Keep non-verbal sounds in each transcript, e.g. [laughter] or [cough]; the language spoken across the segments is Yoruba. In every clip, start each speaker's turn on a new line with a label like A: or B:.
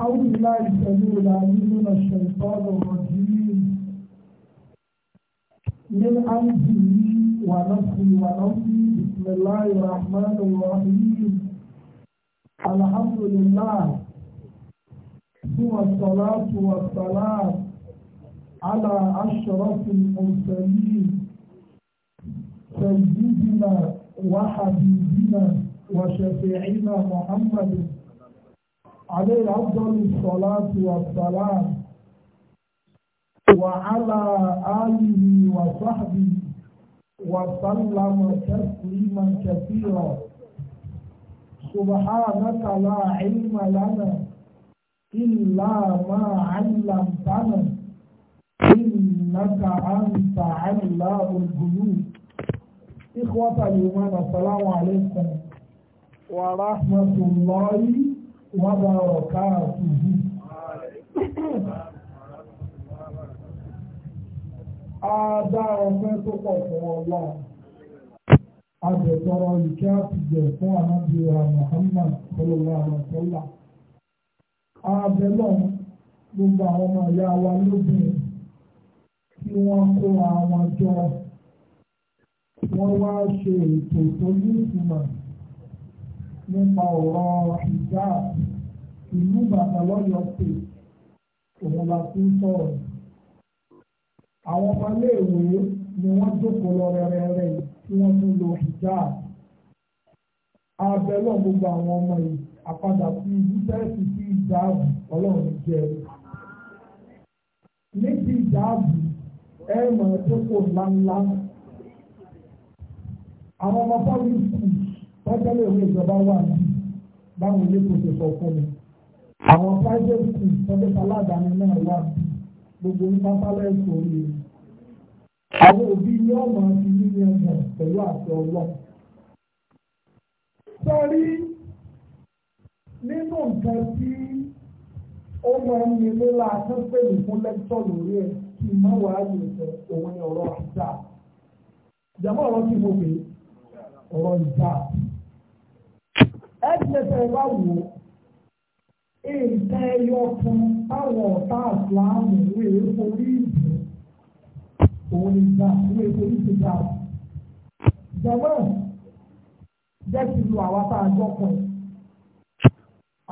A: أعوذ بالله السميع العليم من الشيطان الرجيم من أنفه ونفسي ونفسي بسم الله الرحمن الرحيم الحمد لله ثم الصلاة والسلام على أشرف المرسلين سيدنا وحبيبنا وشفيعنا محمد عليه أفضل الصلاة والسلام وعلى آله وصحبه وسلم تسليما كثيرا سبحانك لا علم لنا إلا ما علمتنا إنك أنت علام الغيوب إخوة الإيمان السلام عليكم ورحمة الله a dá ọpẹ́ tó pọ̀ fún ọlá. Àjẹ̀tọ̀rọ̀ ìkẹ́ àtìjẹ̀ fún ànábìyà Muhammad sallallahu alaihi wasallam. Abẹ́lọ̀ gbogbo àwọn ọmọ ìyá wa lóbìnrin tí wọ́n kó àwọn jọ. Wọ́n wá ṣe ètò tó nípa ọ̀rọ̀ hijab ìlú bàtà lọ́yọ̀ pé òun la fi ń sọ̀rọ̀. Àwọn ọmọléèwé ni wọ́n jókòó lọ rẹ́rẹ́rẹ́ tí wọ́n tún lo hijab. Abẹ́ lọ gbogbo àwọn ọmọ yìí àpadà sí yúsẹ́ẹ̀sì sí ìjáàbù ọlọ́run jẹ. Ní ti ìjáàbù ẹ̀ mọ̀ tó kò ńláńlá. Àwọn ọmọ bọ́ọ̀lù kù tọ́jọ́lẹ̀ ìwé ìjọba wà ní báwọn ilé kò ṣe sọ fún mi. àwọn private school tọ́jọ́ aládàáni náà wà gbogbo nípa pálẹ̀ sórí rẹ̀. àwọn òbí ní ọ̀nà ti ní ní ẹ̀gbọ̀n pẹ̀lú àṣẹ ọlọ́. sọrí nínú nǹkan tí ó máa ń nílé láàánú pẹ̀lú fún lẹ́kítọ̀ lórí ẹ̀ kí n má wàá yẹ̀ fẹ́ òun ọ̀rọ̀ àṣà. ìjàmbá ọ̀rọ̀ kí mo pè é ọ̀rọ̀ ìjà. ẹ̀ẹ́dẹ́gbẹ̀ẹ́ bá wò ó nǹkan ẹyọ kan táwọn ọ̀tá àfúláàmù wé orí ìbò òun ni gbà wé orí ti gbà ó. jẹ́ kí lu àwa tá a jọ pọ̀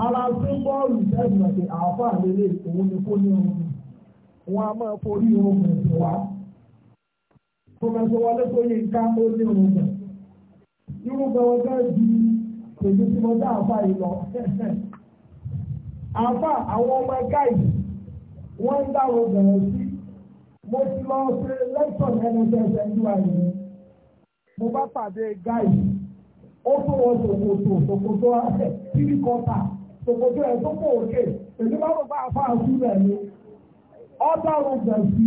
A: ara tí bọ́ọ̀lù jẹ́sùn òun ni kó ní máa forí ẹ̀sìn pẹ̀lú tí mo dá àfa yìí lọ. àfa àwọn ọmọ ẹ̀ka yìí wọ́n ń dáwọ́ bẹ̀rẹ̀ sí mo ti lọ ṣe lẹ́tọ̀n ẹnìtẹ̀sẹ̀ ní wa yìí. mo bá pàdé gáì ó tó wọ ṣòkòtò ṣòkòtò tírí kọta ṣòkòtò ẹ̀ tó pọ̀ òkè èyí bá lọ bá àfa àṣù rẹ̀ ni ọ́ dáwọ́ bẹ̀rẹ̀ sí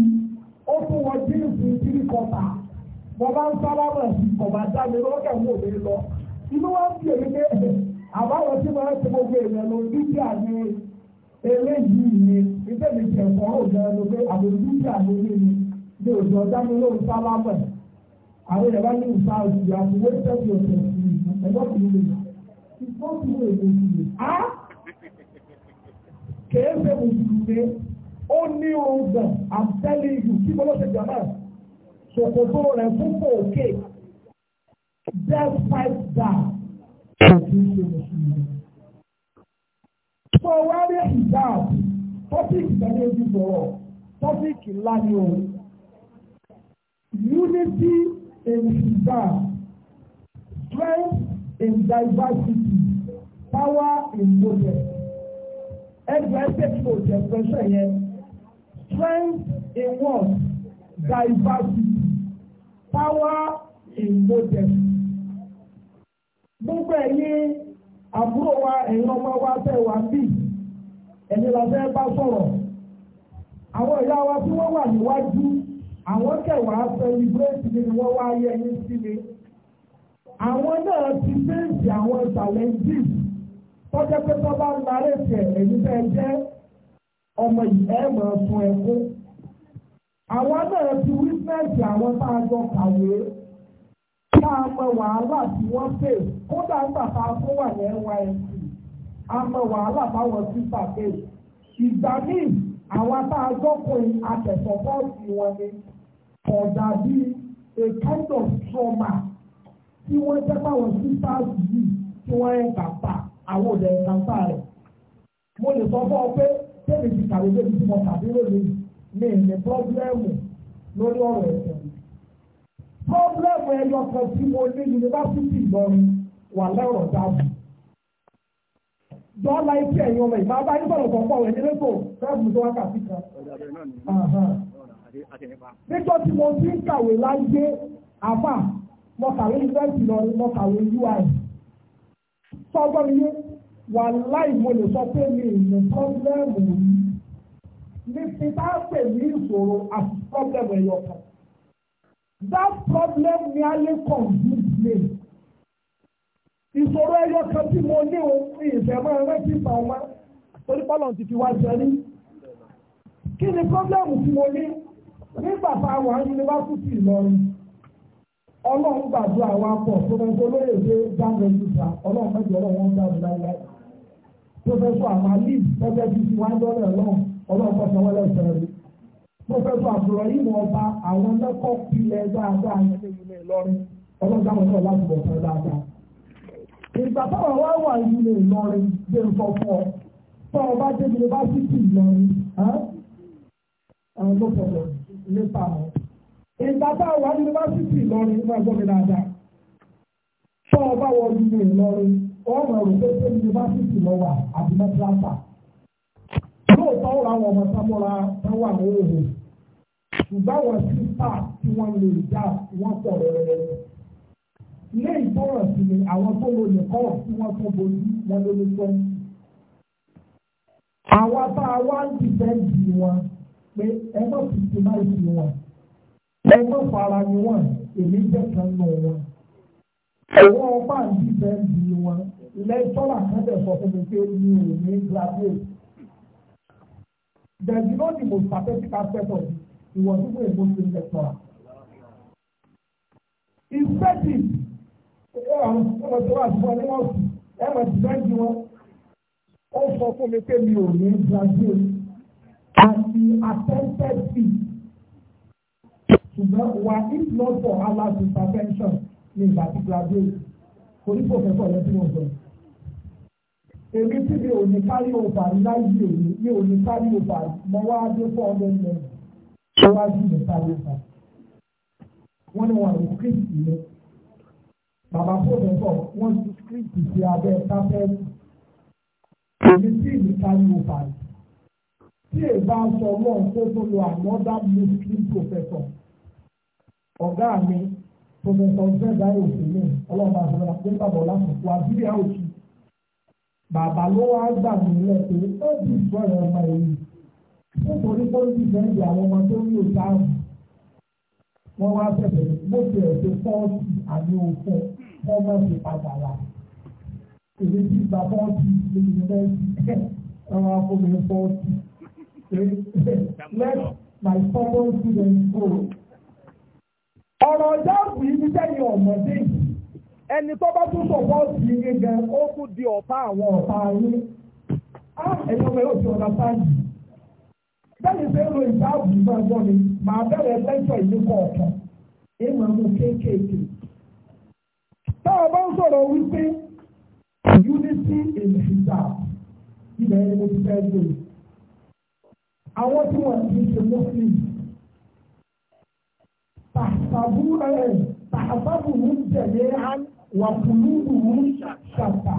A: ó tó wọ jíǹsì tírí kọta mo bá ń sábà bẹ̀rẹ̀ sí kọ̀ọ̀bá dá mi lọ́kẹ̀ mú òde lọ inú wa ń bèrè pé àbáwọ̀ tí wọ́n ti gbogbo èèyàn ló dúkìá ní eléyìí ni ibẹ̀ mi tẹ̀ fọ́ òjò ẹnu pé àwọn dúkìá ló ní ni ní òjò ọjà mi ló ń sá lábẹ̀ àwọn èèyàn bá ní ìsá òjò àfiwé tẹ̀sí òjò ẹ̀gbọ́n kì í lè ìfọ́n kì í lè lè lè á kèé ṣe mùsùlùmí ó ní oògùn àtẹ́lẹ̀ ìlú kí bọ́lọ́sẹ̀ jàmáà ṣòkòtò rẹ̀ fún kòkè despite that kò kí ń ṣe mùsùlùmí. sọ wá rí hijab tọ́pìkì tẹ́lẹ̀ ojú bọ̀rọ̀ tọ́pìkì ńlá ni o unity in hijab strength in diversity power in modest ẹgbẹ́ ẹgbẹ́ tí mo jẹ yẹn strength in what diversity power in modest gbogbo ẹ̀yin àbúrò wa ẹ̀yin ọmọ wa fẹ́ wà bí ẹ̀yin la fẹ́ bá sọ̀rọ̀ àwọn ìyá wa tí wọ́n wà níwájú àwọn kẹwàá sẹlibrétì mi ni wọ́n wá yẹ yín sí mi àwọn náà ti fèsì àwọn ṣàlẹ́ńtì tọ́jọ́ pé tó bá ń darí ẹ̀sẹ̀ ẹ̀yin fẹ́ jẹ́ ọmọ yìí ẹ̀ mọ̀ ọ́ sun ẹ̀kú àwọn náà ti wípẹ́ẹ̀sì àwọn tá a jọ kàwé láàmọ wàhálà tí wọ́n pè kódà bàbá tó wà ní nysc àmọ wàhálà báwọn ti pàdé ìgbà míì àwọn tá a jọkùnrin akẹ̀sọ̀ bọ́ọ̀sì wọn ni ọ̀dà bíi a kind of trauma tí wọ́n jẹ́ báwọn sisters yìí tí wọ́n ń kàńtà àwọn òde kàńtà rẹ̀ mo lè sọ fún ọ pé tẹ́lẹ̀ ti kàwé débi tí mo kàdé lónìí mi ní pọ́blẹ́mù lórí ọ̀rọ̀ ẹ̀sìn pọ́blẹ́mù ẹyọ kan tí mo ní yunifásitì lọ́rùn wà lẹ́rọ̀ dáàbò. dọ́là ife ẹ̀yin ọmọ ìfà bá yín sọ̀rọ̀ tó pọ̀ wẹ̀ nílé tó fẹ́ẹ̀mù tó wákàtí kan. níjọ́ tí mo ti ń kàwé láyé àbá mo kàwé yunifásitì lọ́rùn mo kàwé UI. sọ́gbọ́n mi yé wà láì mo lè sọ pé mi ìlú pọ́blẹ́mù yìí ní ti bá pè ní ìṣòro àti pọ́blẹ́mù ẹyọ kan that problem nearly consumes me. ìṣòro ẹyọ kan tí mo ní òun fi ìfẹ́ máa rántí ìfàwọn torí pọ́lọ̀ ti fi wá jẹrí. kí ni problem tí mo ní nígbà tá a wà ní yunifásitì Ìlọrin ọlọ́run gbàdúrà wa pọ̀ tó fẹ́ tó lóye pé dáńgẹ́ ìjìká ọlọ́run mẹ́jọ ọlọ́run wọn gbàdúrà láíláí pọfẹsọ àmàlí pọfẹsọ ìfìwájọ rẹ lọ́run ọlọ́run pọ̀ sanwó-ẹlẹ́sẹ̀ rẹ. pọfẹsọ àbúrò yìí ọba àwọn mẹkọ pilẹ̀ dáadáa ní ilé Ìlọrin wọn náà láti dáadáa. ìgbà táwọn wá wà ilé Ìlọrin gbé ọ ọba dé yunifásitì Ìlọrin àwọn lọ́pọ̀lọ́ nípa àwọn. ìgbà táwọn wà yunifásitì Ìlọrin náà mi ọba wọ ilé Ìlọrin pé yunifásitì lóòótọ́ ṣùgbọ́n àwọn sísá tí wọ́n lè dá wọ́n pọ̀ rẹ̀rẹ̀rẹ̀. ilé ìgbọràn sí ni àwọn tó lo nìkọ́ tí wọ́n tó bojú wọn ló ló tọ́. àwa bá a wá ń dìbẹ́ǹdì wọn pé ẹ má fi ti má ìsìn wọn ẹ má fara ni wọn èmi jẹ́ kan nù wọn. àwọn ọba ń dìbẹ́ǹdì wọn lẹ́tọ́là kan dẹ̀ sọ fún mi pé mi ò ní graduate. There is no the most pathetic aspect of it ìwọ̀n tó wẹ̀ bó ṣe ń tẹ̀sán. ìfẹ́tì ẹ̀rọ àwọn ọ̀dọ́ àtúbọ̀ ní wọ́n sùn ẹ̀rọ ìfẹ́tì wọn. ó sọ fún mi pé mi ò ní Brazil àti attempted fee ṣùgbọ́n wà if not for Allah's intervention ní ìgbà tí Brazil kò ní pòfẹ́sọ̀ lẹ́sìn ọ̀gbọ́n èmi tí mi ò ní kárí òfà láyé èmi mi ò ní kárí òfà mọ́ dé fún ọmọ ẹ̀mí ṣé wàá bí mi ta ló fà wọ́n ní wọn àwọn kíríìtì yẹn bàbá fóònù bọ̀ wọ́n ti kíríìtì sí abẹ́ tábẹ́ẹ̀lì èmi tí mi ta ló fà tí èbá sọ lọ́n tó tó lo another muslim professor ọ̀gá mi professor zeda òsèlè ọlọ́mọ àti ọlọ́mọ àti ọlọ́mọ àti ọlọ́mọ bàbá ló wá gbà mí lẹ́pẹ́ ó bí ìfọ̀rọ̀ ọmọ yìí nítorí pólítì sẹ́ńdì àwọn ọmọ tó ní òtáàbù wọ́n wá bẹ̀rẹ̀ lóṣù ẹ̀sẹ̀ fọ́ọ̀tì àmì òfin ọmọ ti padà wá. Èmi ti gba fọ́ọ̀tì ní yunifásitì ọmọ afọ́mi fọ́ọ̀tì. Let my fellow students go. Ọ̀rọ̀ ọjà òkú yìí sẹ́yìn ọ̀mọ̀dé yìí. Ẹni tó bá tún sọ̀pọ̀ sí i gẹ́gẹ́ ó kú di ọ̀tá àwọn ọ̀tá yín. Á ah, ẹ̀yin ọmọ yóò fi ọ̀nà sáyìn bẹ́ẹ̀ni pé lo ìbáàbù ìgbàgbọ́ mi màá bẹ̀rẹ̀ lẹ́tọ̀ ìlú kọ̀ọ̀kan èèmọ̀ mú kéékèèké. tá a bá ń sọ̀rọ̀ wípé unity in Islam ibẹ̀ ni mo ti fẹ́ lò. àwọn tí wọ́n ti ṣe muslim tàbí ẹ̀ tàbí mú tẹ̀lé wà kùlùkù mú ṣàtà.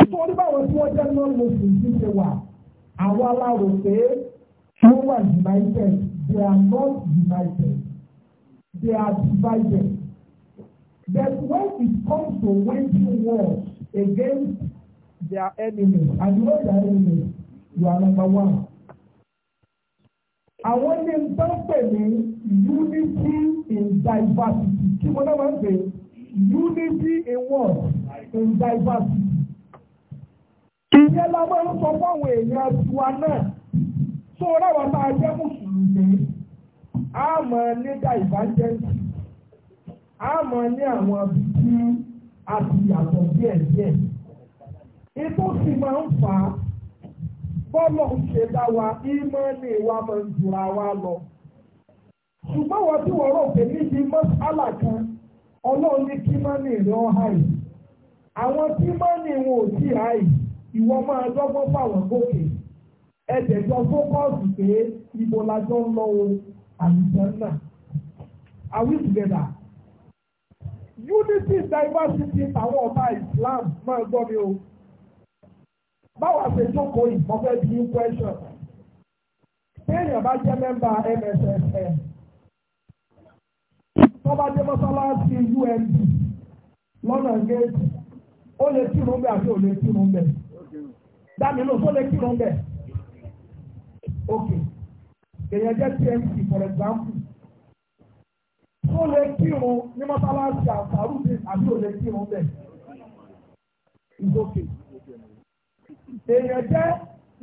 A: ẹ̀sùn oníbàwọ̀ tí wọ́n jẹ́ non-muslim ti ṣe wà àwọn alárò pé. No one divided. they are not divided. they are divided but when it comes to waging wars against their enemies and you know their enemies you are number one. àwọn ní n tán pè ní unity in diversity kí mo náà máa pè unity in what in diversity. ìyẹn la máa ń sọ fún àwọn èèyàn tiwa náà. tó ráwọn bá jẹ́ mùsùlùmí a máa ní dàìbájẹ́ǹsì a máa ní àwọn bíbí àti ìyàtọ̀ díẹ̀díẹ̀ ètò sì máa ma n fa bọ́lọ̀ ń ṣe wa ní ìwà ma jura lọ ṣùgbọ́n wọ́n tí wọ́n rò pé níbi mọ́sálà kan ọlọ́run ní kí àwọn tí ò tí ẹ̀jẹ̀ jọ fókọ́ọ̀sì pé ibo la jọ ń lọ o àlùjànnà are we together unity diversity àwọn ọba Islam máa gbọ́ mi o báwa ṣe jókòó ìfọ́fẹ́ bí i question téèyàn bá jẹ́ mẹ́mbà MSSN tọ́ba jẹ́ mọ́sálásí UND lọ́nà géètì ó lè kírun bẹ́ẹ̀ àti ò lè kírun bẹ́ẹ̀ dámínú tó lè kírun bẹ́ẹ̀ òkè èèyàn jẹ́ tmc for example tó lè kírun ní mọ́sálásí àtàrú bíi àbí ò lè kírun bẹ́ẹ̀ ìgòkè èèyàn jẹ́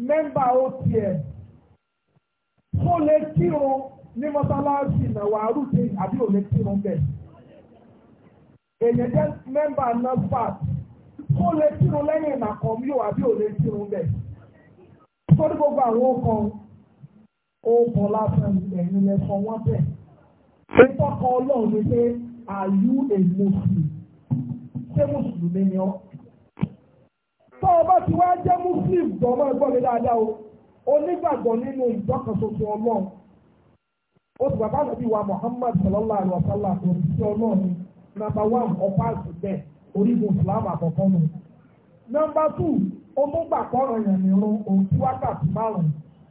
A: mẹ́mbà otm tó lè kírun ní mọ́sálásí ìnáwó àrùbí àbí ò lè kírun bẹ́ẹ̀ èèyàn jẹ́ mẹ́mbà NAFDAC tó lè kírun lẹ́yìn ìnàkọ̀mí ò àbí ò lè kírun bẹ́ẹ̀ sórí gbogbo àwọn ọkàn. ó kọ lásán ẹ̀yìn lẹ́fọ́ wọ́n tẹ̀. Pípọ́ kan ọlọ́run ni pé are you Ṣé Mùsùlùmí ni ọ́? Tọ́ ọ bá ti wá jẹ́ mi dáadáa o. Onígbàgbọ́ nínú ìjọkànṣoṣo ọlọ́run. Ó sì bàbá Muhammad sallallahu alayhi wa sallam ọlọ́run nàmbà wán ọ̀pá àkọ́kọ́ nù. Nàmbà tù, gbàgbọ́ ọ̀rọ̀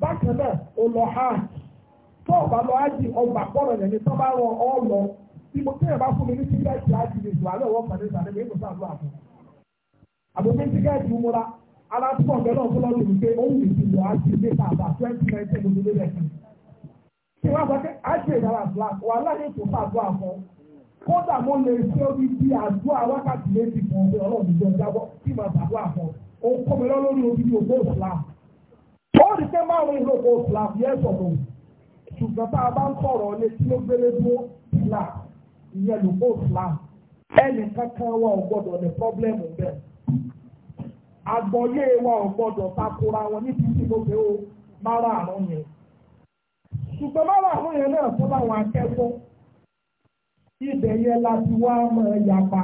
A: bákan náà ó lọ hajj tó o lọ hajj ọgbà pọ̀rọ̀ yẹn ni bá ọ lọ bí mo bá fún mi ní tíkẹ́ẹ̀tì hajj mi jù alẹ́ wọ́n kàn ní mi èkó sáà lọ àfọ̀ àbòmí tíkẹ́ẹ̀tì múra alátúbọ̀ náà pé ti lọ twenty nineteen ló lé kí wọ́n ìdára wà láyé tó ó rí pé márùn-ún ló kó slav yẹn sọ̀tọ̀ ṣùgbọ́n tá a bá ń sọ̀rọ̀ ní tí ó gbélé dúró slav ìyẹn ló kó slav ẹnì kankan wa ò gbọ́dọ̀ ní pọ́blẹ́mù bẹ́ẹ̀ àgbọ̀yé wa ò gbọ́dọ̀ takora wọn níbi tí mo fẹ́ o márùn-ún yẹn ṣùgbọ́n márùn-ún yẹn náà fún àwọn akẹ́kọ̀ọ́ ibẹ̀ yẹn láti wá mọ̀ ẹ̀yà pa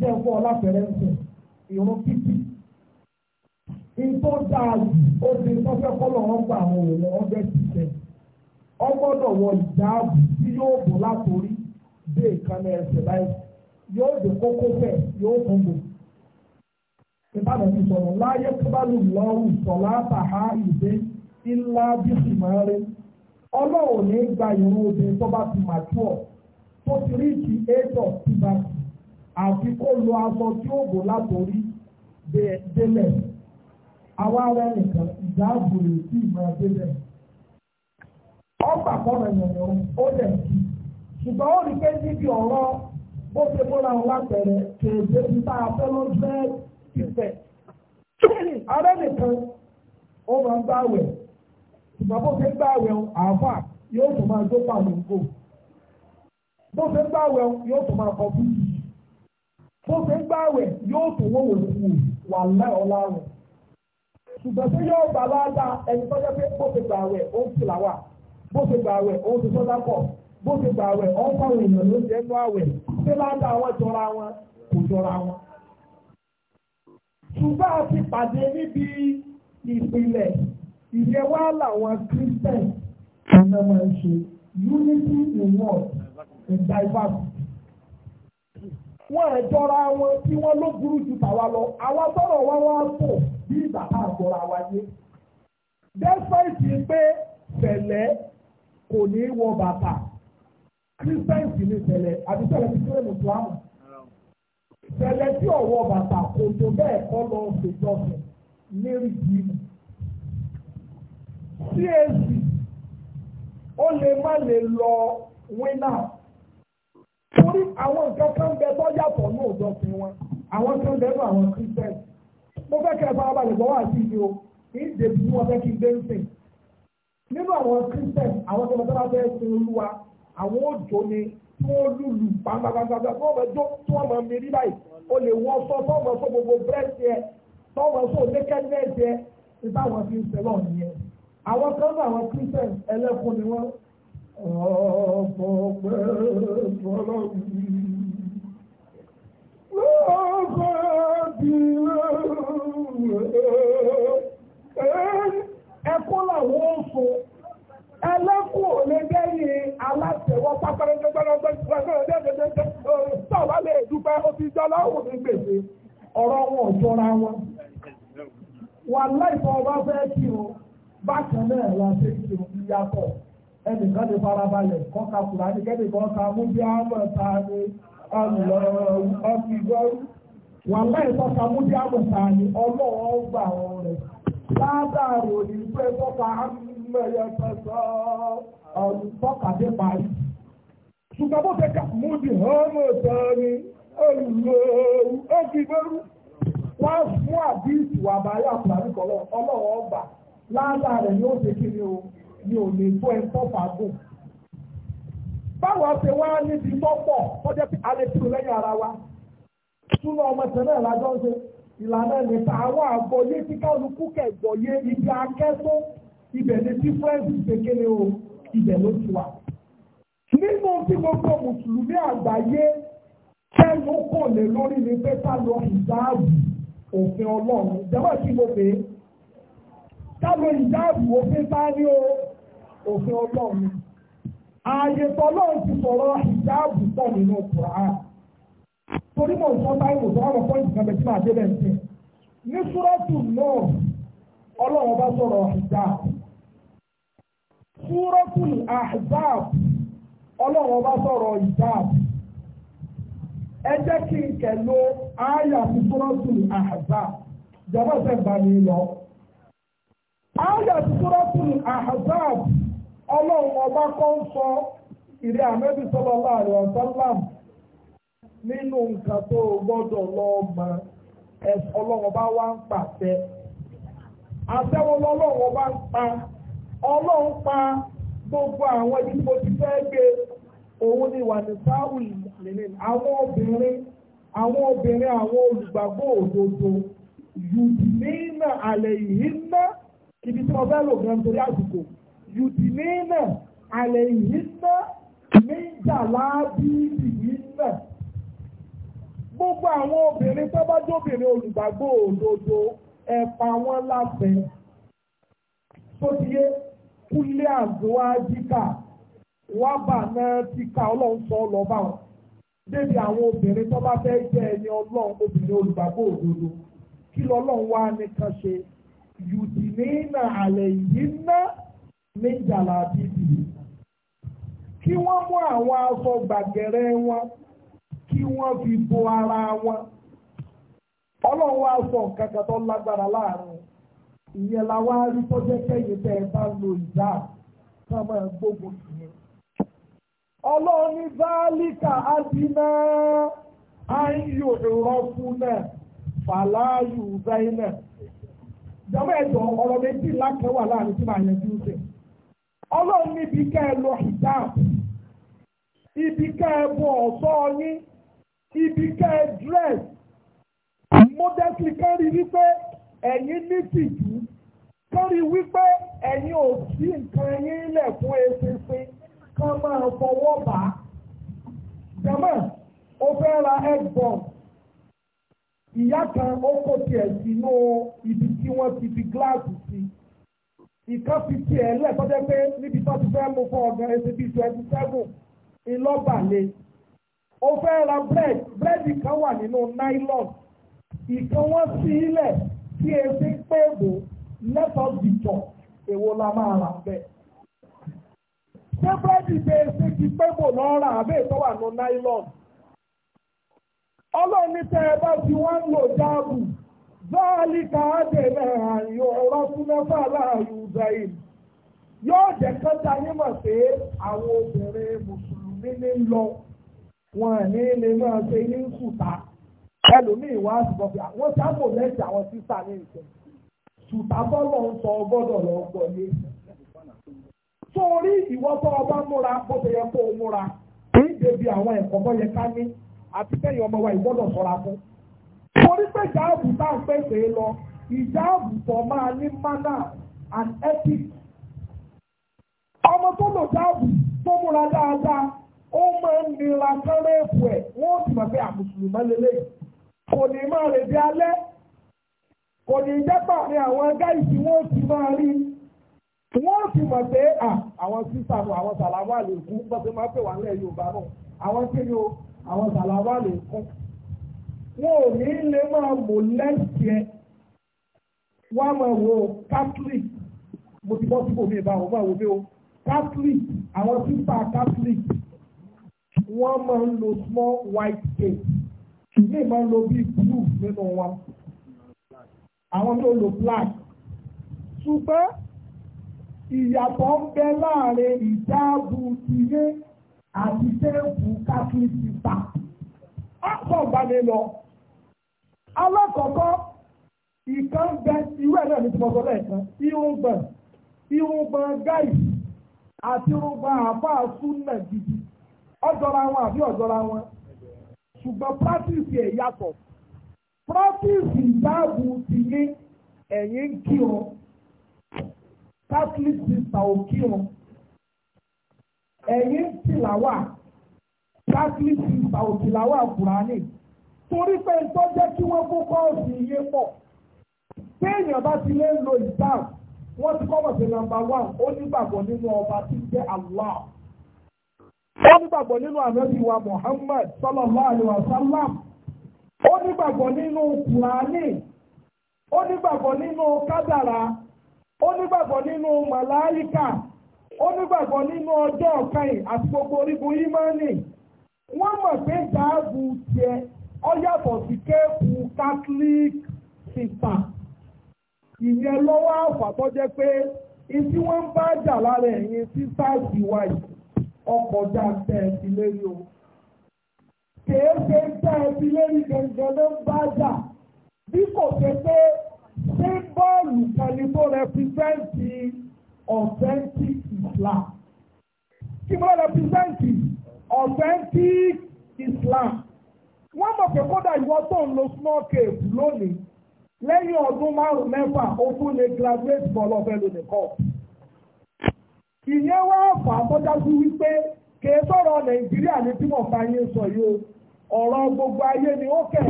A: jẹ́ fún ọ láfẹ̀rẹ́ ìrún pípì ìtọ́ dáa jù ó ti sọ́fẹ́ kọ́lọ̀ wọn gba àwọn èèyàn ọgbẹ́ ti tẹ̀. ọ gbọ́dọ̀ wọ ìdáàbò tí yóò bò látòrí dé ìkànnì ẹsẹ̀ láì yóò dé kókó fẹ̀ yóò fún bò. ìbàdàn ti sọ̀rọ̀ láyé kábàlù lọ́rùn sọ̀lá tàhá ìdè ńlá bí ìmọ̀ọ́rẹ́. ọlọ́run ní gba ìrún obìnrin tó bá ti màtúọ̀ tó ti rí ti éjọ̀ tìbàtì àfi kó lo aṣọ tí ó bò látòrí délẹ̀ àwa ara nìkan ìdáàbò rè sí ìmọ̀ ẹgbẹ́ bẹ́ẹ̀. ọgbà kọ́nà yẹ̀yẹ̀ ó lẹ̀ sí ṣùgbọ́n ó rí pé níbi ọ̀rọ̀ bó ṣe múra wọn lápẹ̀rẹ̀ kèrèdé ti bá a fẹ́ ló jẹ́ ìfẹ́. ara nìkan ó máa ń gbàwẹ̀ ṣùgbọ́n bó ṣe ń gbàwẹ̀ àáfà yóò tún máa jó pàlóńgò bó ṣe ń gbàwẹ̀ yóò tún máa kọ́ fún yìí bó ṣe ń gbàwẹ̀ yóò tún wọ́wọ́ kú wà láì ṣùgbọ́n tí yóò gbà ládàá ẹni tó jẹ́ pé bó ti gbà wẹ̀ ó ń fìlà wà bó ti gbà wẹ̀ ó ń ti sọ́dá pọ̀ bó ti gbà wẹ̀ ó ń fáwọn èèyàn ló ń jẹ́ nú àwẹ̀ tí ládàá wọn jọra wọn kò jọra wọn. ṣùgbọ́n a ti pàdé níbi ìpìlẹ̀ ìyẹn wá làwọn Christian ọ̀nà máa ń ṣe unity in word and diversity wọ́n ẹ̀jọ́ra wọn tí wọ́n ló burú ju tàwa lọ àwa sọ̀rọ̀ wá wá pọ̀ bí ìgbà tá wa yé. despite pé fẹ̀lẹ́ kò ní í wọ bàtà christians ní fẹ̀lẹ́ àbí fẹ̀lẹ́ ti fẹ́rẹ̀ mùsùlùmù. fẹ̀lẹ́ tí ò wọ bàtà kò tó bẹ́ẹ̀ kọ́ lọ ṣèjọsìn lérí jìnnà. CAC ó lè má lè lọ winner torí àwọn nǹkan kan bẹ tó yàtọ̀ ní òjò sí wọn àwọn kan bẹ ní àwọn christian mo fẹ́ kẹ́ ẹ fara balẹ̀ bọ́ wá sí ibi o kì í dèbí tí wọ́n fẹ́ kí n dé ń sìn nínú àwọn christian àwọn tó bá fẹ́ sin olúwa àwọn òjò ni tí wọ́n lùlù pàmpàpàmpàpà tí wọ́n máa jó tí wọ́n máa mérí báyìí o lè wọ́ sọ tó máa sọ gbogbo bírẹ́sì ẹ tó máa sọ nékẹ́nẹ́sì ẹ nígbà fi ń sẹ́lọ̀ nìyẹn àwọn kan ní àwọn christian ẹlẹ́kùn ni wọ́n ọ̀pọ̀pẹ́ fọ́lọ́bí lọ́pẹ́ bí ẹkún làwọn oṣù ẹlẹ́kùn ò wà láìpọ̀ ọba fẹ́ kí o bákan náà wà fẹ́ kí o yàtọ̀ ẹnìkan lè farabalẹ̀ kọ́ka kùránì kẹ́nìkan ka mú bí àmọ̀ ta ni ọ̀nìyàn wà láì tọ́ka mú bí àmọ̀ ta ni ọlọ́wọ́ gbà wọn rẹ̀ látàrí òní pé tọ́ka mẹ́yẹ pẹ̀sọ́ ọ̀rùn tọ́ka dé parí. ṣùgbọ́n bó ṣe ká mú bí àmọ̀ ta ni ọ̀nìyàn ó wọ́n fún àdíìsì wà báyà kùránì kọ́lọ́ ọlọ́wọ́ gbà látàrí ni ó ṣe kí ni o mi ò lè tó ẹ tó fàágùn. báwo ṣe wá níbi tọ́pọ̀ kọjá pé a lè tìrò lẹ́yìn ara wa súnà ọmọ ìṣẹ̀lẹ̀ ìlàjọ́ ṣe ìlànà nípa àwọn àgbọ̀yé tí kálukú kẹ̀gbọ̀yé ibi akẹ́tọ́ ibẹ̀ ní dífẹ́ǹsì kékeré o ibẹ̀ ló ti wà. nínú tí gbogbo mùsùlùmí àgbáyé kẹ́nu kò lè lórí ni pé ká lọ ìdáàbò òfin ọlọ́run ìjọba tí mo pè é ká lọ ìdáàbò òfin tá ní o òfin ọlọ́run ààyè tọ́lọ́run ti sọ̀rọ̀ ìjáàbù pọ̀ nínú Kùránì torí mọ̀ sọ táìmù sọ̀rọ̀ pọ́ìntì kan bẹ̀tí máa débẹ̀ ǹtẹ̀ ní súrọ́tù náà ọlọ́run bá sọ̀rọ̀ ìjáàbù súrọ́tù àìjáàbù ọlọ́run bá sọ̀rọ̀ ìjáàbù ẹ jẹ́ kí n súrọ́tù àìjáàbù jọba mi lọ súrọ́tù àìjáàbù. ọlọ́run ọba kọ́ ń sọ ìrẹ́ àmẹ́bí sọ́lọ́ láàrin ọ̀sánlám nínú nǹkan tó gbọ́dọ̀ lọ́ọ́ mọ ọlọ́run ọba wá ń pàṣẹ àtẹ́wọ́ lọ́lọ́run ọba ń pa ọlọ́run pa gbogbo àwọn ibi mo ti fẹ́ gbé òun ni wà ní sáwùlì nìyẹn àwọn obìnrin àwọn obìnrin àwọn olùgbàgbọ́ òdodo yùdí nínà àlẹ́ yìí ná ibi tí wọ́n fẹ́ lò gan torí àsìkò yùdìmínà àlẹ́ ìhínà méjàlá bíbí yínà gbogbo àwọn obìnrin tó bá jóbìnrin olùgbàgbọ́ òdodo ẹ̀pà wọn láfẹ́ tó ti yé kúlé àgbọ̀wá jíkà wá bà náà ti ka ọlọ́run sọ lọ bá wọn débi àwọn obìnrin tó bá fẹ́ jẹ́ ẹni ọlọ́run obìnrin olùgbàgbọ́ òdodo kí lọ́lọ́run wá nìkan ṣe yùdìmínà àlẹ́ ìhínà. méjìlá bíbí kí wọ́n mú àwọn aṣọ gbàgẹ̀rẹ́ wọn kí wọ́n fi bo ara wọn ọlọ́wọ́ wá sọ tó lágbára láàrin ìyẹn la wá kẹ́yìn tẹ́ ẹ bá ń lo ìdá kan máa gbógun ìyẹn náà ẹ̀jọ̀ ọ̀rọ̀ méjì ọlọ́run níbi ká ẹ lọ hijab ibi ká ẹ bọ ọ̀ṣọ́ yín ibi ká ẹ dress modestly kárí wípé ẹ̀yin ní tìjú kárí wípé ẹ̀yin ò sí nǹkan yín lẹ̀ fún eṣinṣin ká máa fọwọ́ bà á. jama ó fẹ́ ra ẹ̀gbọ́n ìyá kan ó kó tiẹ̀ sínú ibi tí wọ́n ti fi gíláàsì sí. Si ìkáfíntì ẹ̀ lẹ́ẹ̀kọ́jẹ́ pé níbi tó ti fẹ́ mú fún ọ̀gá ẹsẹ̀ bíi twenty seven ìlọ́bàlẹ̀ o fẹ́ ra bread bread kan wà nínú nylon ìkan wọ́n sí ilẹ̀ tí ẹsẹ̀ lẹ́tọ̀ dìtọ̀ la máa rà bẹ́ẹ̀. ṣé ẹsẹ̀ ti e wà nínú nylon báàlìkà àdènà àyàn ọ̀rọ̀ súnmọ́fà láàyò zayn yóò jẹ́ kọ́ta nímọ̀ pé àwọn obìnrin mùsùlùmí ní lọ wọn ní lè máa ṣe ní sùtà ẹlòmíì wá ṣùgbọ́n pé àwọn sábò lẹ́sìn àwọn sísà ní ìṣẹ́ sùtà bọ́lọ̀ ń sọ gbọ́dọ̀ lọ gbọ́ yé sórí ìwọ tó ọba múra bó ṣe yẹ kó o múra kí n àwọn ẹ̀kọ́ tó yẹ ká ní àti ọmọ wa ìgbọ́dọ̀ sọ̀ra fún torí pé ìjáàbù tá a ń pèsè lọ ìjáàbù tó máa ní manner and ethics ọmọ tó lò jáàbù tó múra dáadáa ó máa ń nira kánrẹ́ èpò ẹ̀ wọ́n ti mọ̀ pé àmùsùlùmọ́ lélẹ̀ kò ní máa rè dé alẹ́ kò ní jẹ́ pàmì àwọn ẹgbẹ́ ìsìn wọ́n ti máa rí wọ́n ti mọ̀ pé àwọn sísàmù àwọn sàlámù àlè bọ́sẹ̀ máa pè wà nílẹ̀ Yorùbá náà àwọn kí ni o àwọn sàlámù àlè wọn ò ní lè máa mò lẹ́sẹ̀ wọ́n máa wo catholic mo ti bọ́ síbò mi ìbá àwọn ọmọ òwe o catholic àwọn sísá catholic wọ́n máa ń lo small white cake ìmí máa ń lo bíi blue nínú wọn àwọn tó lo black ṣùgbọ́n ìyàtọ̀ ń bẹ láàrin ìjáàbù tìyé àti tẹ́ẹ̀kù catholic sísá. á sọ̀ bá lọ alákọ̀ọ́kọ́ ìkan bẹ irú ẹ̀ náà ní ti mọ̀tọ́ lẹ́ẹ̀kan irúgbọ̀n irúgbọ̀n gáì àti irúgbọ̀n àbáà súnà gidi ọjọ́ra wọn àbí ọjọ́ra wọn ṣùgbọ́n practice ẹ̀ yàtọ̀ practice ìdáàbò ti ní ẹ̀yìn ń kírun catholic sister ò kírun ẹ̀yìn ń tìlàwà catholic sister ò tìlàwà kùránì. torí pé tó jẹ́ kí wọ́n kó kọ́ọ̀sì yé pọ̀ téèyàn bá ti lè lo ìdáàm wọ́n ti kọ́ bọ̀sẹ̀ nàmbà wán ó nígbàgbọ́ nínú ọba tí ń jẹ́ Allah ó nínú ànábì wa Muhammad sallallahu alaihi wasallam ó nígbàgbọ́ nínú Kùránì ó nígbàgbọ́ nínú Kádàrà. ó nígbàgbọ́ nínú màláíkà ó nígbàgbọ́ nínú ọjọ́ ọ̀kan àti gbogbo orígun ímánì wọ́n mọ̀ pé dáàbù tiẹ̀ ó yàtọ̀ sí kéèkù catholic sista ìyẹn lọ́wọ́ àfàtọ́ jẹ́ pé ibi wọ́n ń bá jà lára ẹ̀yìn sísáàsì wa yìí ọkọ̀ já tẹ̀ ẹ̀sìn lérí o kèé ṣe tẹ̀ ẹ̀sìn lérí gẹ̀ǹgẹ̀ ló ń bá jà bí kò ṣe pé ṣé bọ́ọ̀lù kan rẹpírẹ́ǹtì authentic Islam kí ló rẹpírẹ́ǹtì authentic Islam wọ́n mọ̀ pé kódà ìwọ tó ń lo small cave lónìí lẹ́yìn ọdún márùn-ún mẹ́fà ó tún lè graduate ball of elo nìkan. ìyẹn wá fà á kọjá sí wípé kèé sọ̀rọ̀ nàìjíríà ní tí mo bá yín sọ yìí o ọ̀rọ̀ gbogbo ayé ni ó kẹ̀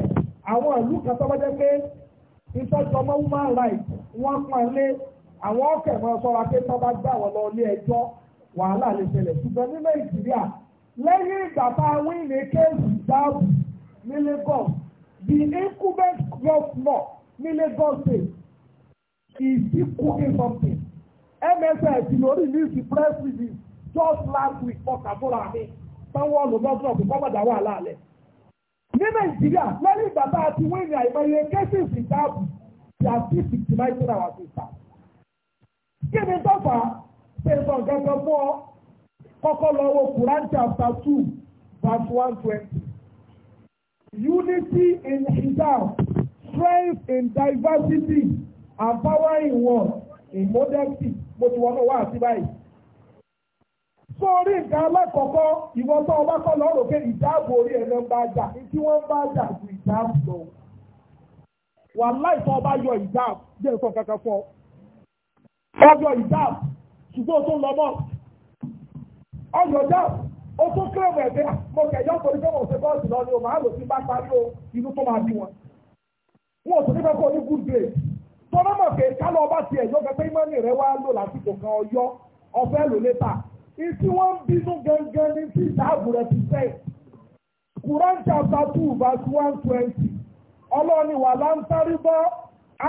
A: àwọn ìlú kan tó bá jẹ́ pé ìtọ́jú ọmọ human rights wọ́n pọn lé àwọn ọ̀kẹ́ mọ́ sọ́ra pé tó bá gbà wọ́n lọ ilé ẹjọ́ wàhálà lè ṣẹlẹ̀ ṣùgbọ́n ní nàìjíríà lẹ́yìn ìgbà tá a wí ní kéèsì dáàbò ní Lagos the incumbent governor ní Lagos state is still cooking something MSF ló release the press release just last week for kabula mi sanwó olùmọ́sán kò kọ́mọ̀dá wà láàlẹ̀. ní Nàìjíríà lẹ́yìn ìgbà tá a ti wé ní àìmọye cases ìdáàbò ti a ti fìtì máa ń tẹ́lẹ̀ àwọn àtúntà. kí ni tọ́fà ṣe sọ gẹ́gẹ́ fún ọ kọ́kọ́ lọ wo Quran chapter two verse one twenty. Unity in Hijab, strength in diversity, and power in one, in modesty. Mo ti wọ́n náà wá àti báyìí. Sórí nǹkan alákọ̀ọ́kọ́, ìwọ́n tó ọba kọ́ lọ́rọ̀ pé ìdáàbò orí ẹ̀ ló ń bá jà, tí wọ́n ń bá jà ju ìdáàbò lọ. Wàláì tó ọba yọ ìdáàbò, jẹ́ nǹkan kankan fọ́. Ọjọ́ ìdáàbò, ṣùgbọ́n tó lọ mọ́. Ọjọ́ ìdáàbò. otu tó ebe ẹ̀fẹ́ mo kẹ̀yọ́ torí pé mo ṣe bọ́ọ̀sì lọ ni o máa lò sí bá parí o inú tó máa bí wọn. wọn ò tún nífẹ̀ẹ́ kó ní good grade tọ́lá mọ̀ pé kálọ̀ ọba tiẹ̀ yọ pé ìmọ̀nì rẹ wá lò lásìkò kan ọyọ́ ọ̀fẹ́ lò létà ìtí wọ́n ń bínú gangan ní tí ìdáàbò rẹ ti sẹ́yìn. Quran chapter two verse one twenty ọlọ́ni wà láńtárí bọ́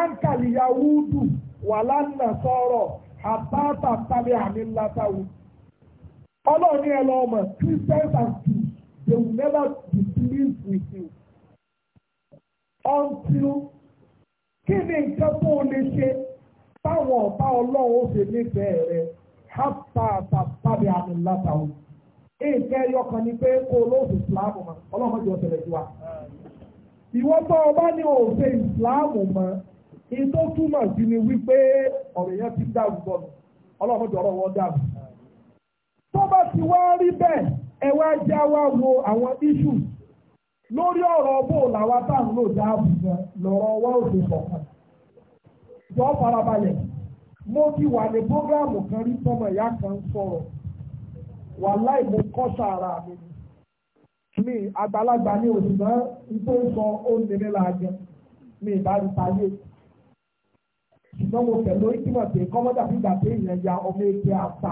A: áńkàlì yahudu wà lánàá sọ̀rọ̀ àbá tàbí àmì ńlá táwọn. ọlọ́run ní ẹlọ ọmọ Christians and Jews they will never be pleased with you until kí ni nǹkan tó o lè ṣe táwọn ọ̀tá ọlọ́run ó ṣe nífẹ̀ẹ́ rẹ hápá àtàbí àmì látàwọn pé o lọ sí ìsìláàmù mọ́ ọlọ́run mọ́jọ
B: ọ̀sẹ̀
A: tó o bá ní mọ́ ìtó túmọ̀ sí ni wípé yẹn ti bá ti wá rí bẹ́ẹ̀ ẹ wá já wá wo àwọn iṣu lórí ọ̀rọ̀ bó làwa tá à ń lò dá àbùkù lọ́rọ̀ wá òde kọ̀ọ̀kan farabalẹ̀ mo ti wà ní kan rí tọ́mọ̀ ìyá kan sọ̀rọ̀ mo kọ́ mi mi àgbàlagbà sọ mi ìbá rí ṣùgbọ́n mo tẹ̀lé ìtumọ̀ pé kọ́mọ́dà ya ọmọ àṣà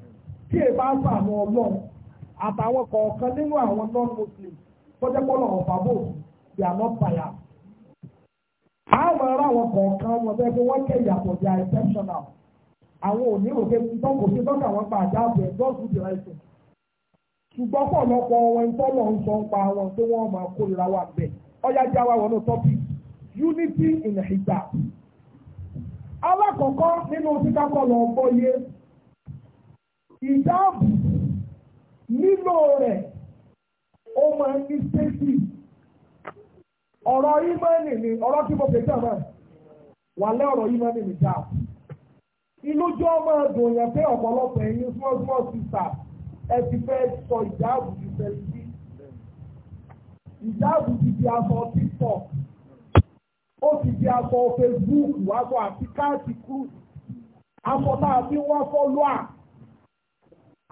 A: tí è bá sọ àwọn ọlọ́run àtàwọn kọ̀ọ̀kan nínú àwọn non-muslim tọ́jẹ́pọ̀lọ̀ ọ̀fàbò they are not biased. àwọn ará àwọn kọ̀ọ̀kan wọn bẹ́ẹ̀ pé wọ́n kẹ́ ìyàtọ̀ they are exceptional. àwọn ò ní òkè tọ́kù sí tọ́kù àwọn gba àjáàbò ẹ̀dọ́sù di ẹ̀sìn. ṣùgbọ́n pọ̀lọpọ̀ wọn tọ́lọ̀ ń sọ pa wọn pé wọ́n máa kórira wa bẹ̀ ọ̀yá já wa wọnú topic unity in hijab. alákọ̀ọ́kọ́ nínú sítákọ̀ lọ bọ́ yé ìjáàbù nílò rẹ̀ ó máa ń ní safety ọ̀rọ̀ ìmọ̀ọ́nì ni ọ̀rọ̀ tí mo wà lẹ́ ọ̀rọ̀ ìlójú ọmọ ẹ̀dùn yẹn ọ̀pọ̀lọpọ̀ ẹ̀yin small small ẹ sọ ti fẹ́ sí ti di aṣọ tiktok ó ti di facebook àti káàtì kúrú aṣọ ti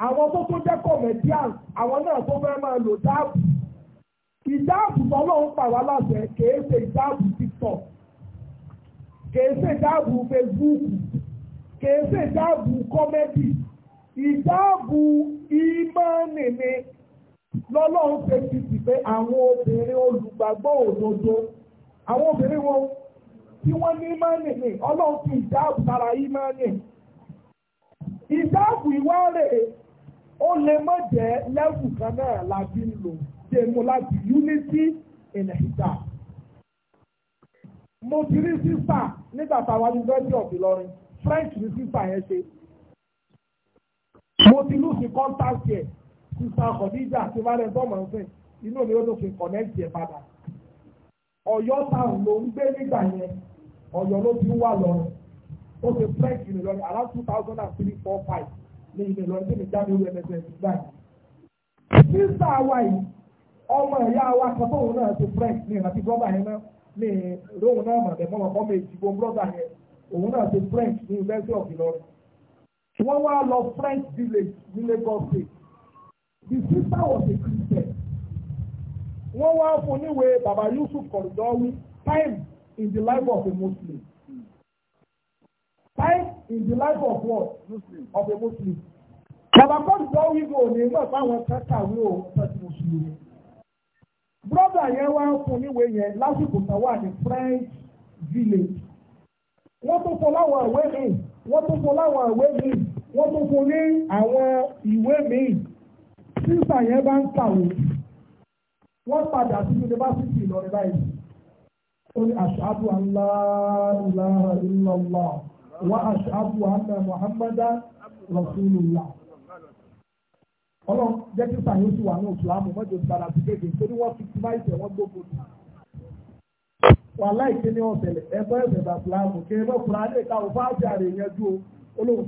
A: àwọn tó tó jẹ́ comedian àwọn náà tó fẹ́ máa lò dáàbò ìdáàbò tọ́lọ́run pa wá láṣẹ kèé ṣe ìdáàbò tiktok kèé ṣe ìdáàbò facebook kèé ṣe ìdáàbò comedy ìdáàbò ìmọ̀ọ́nì ni lọ́lọ́run ṣe ti sì pé àwọn obìnrin olùgbàgbọ́ òdodo àwọn obìnrin wọn tí wọ́n ní ìmọ̀ọ́nì ni ọlọ́run fi ìdáàbò tara ìmọ̀ọ́nì ìdáàbò ìwárè ó lè má jẹ́ lẹ́wù kan náà la fi ń lò ṣe mo láti unity in hijab. mo ti rí sísà nígbà táwa yunifásitì ọ̀f Ìlọrin French ní sísà yẹn ṣe. mo ti lù sí contact yẹn sísà kọ̀díjà tí wọ́n á lẹ́ tọ́mọ̀ ń sìn inú mi ó ló fi connect yẹn padà. Ọ̀yọ́ táwọn ló ń gbé nígbà yẹn Ọ̀yọ́ ló ti wà lọ́rùn ó ṣe French ní lọ́rùn around two thousand and three four five lè ilẹ̀ lọ sí ìjáde orí ẹlẹ́sẹ̀ báyìí. sísá wa yìí ọmọ ẹ̀yà wa kan tóun náà ti french ní ìrántí brọ́dà yẹn náà ní lóun náà mọ̀ bẹ́ẹ̀ mọ́ ọmọ èjìgbó brọ́dà yẹn òun náà ti french ní university of Ìlọrin. wọ́n wá lọ french village ní Lagos state. the sister was a Christian. wọ́n wá fún níwèé baba Yusuf kọ̀rọ̀dọ́wí time in the life of a Muslim. Time in the life of what? Muslim. Of a Muslim. Bàbá Kọ́lù tó wí kò ní mọ̀ fáwọn kẹ́kàwé o pẹ̀lú Mùsùlùmí. Brọ́dà yẹn wá ń fún níwèé yẹn lásìkò tán wà ní French village. Wọ́n tó fún láwọn ìwé míì, wọ́n tó fún láwọn ìwé míì, wọ́n tó fún ní àwọn ìwé míì. Sísà yẹn bá ń kàwé. Wọ́n padà sí yunifásítì Ìlọrin báyìí. Ó ní àṣà àdúrà ńlá ìlànà ìlànà. وأشهد a محمدا رسول الله ọlọ́run jẹ́ kí sàn yóò wà ní ìsìlámù mọ́jọ ìsàlà àti kéèké torí wọ́n fi ti máìsì wọ́n gbógun ní. wà láìpẹ́ ní ọ̀sẹ̀lẹ̀ ẹgbẹ́ ẹ̀sẹ̀ ìsìlámù kí òfò àti o olóhùn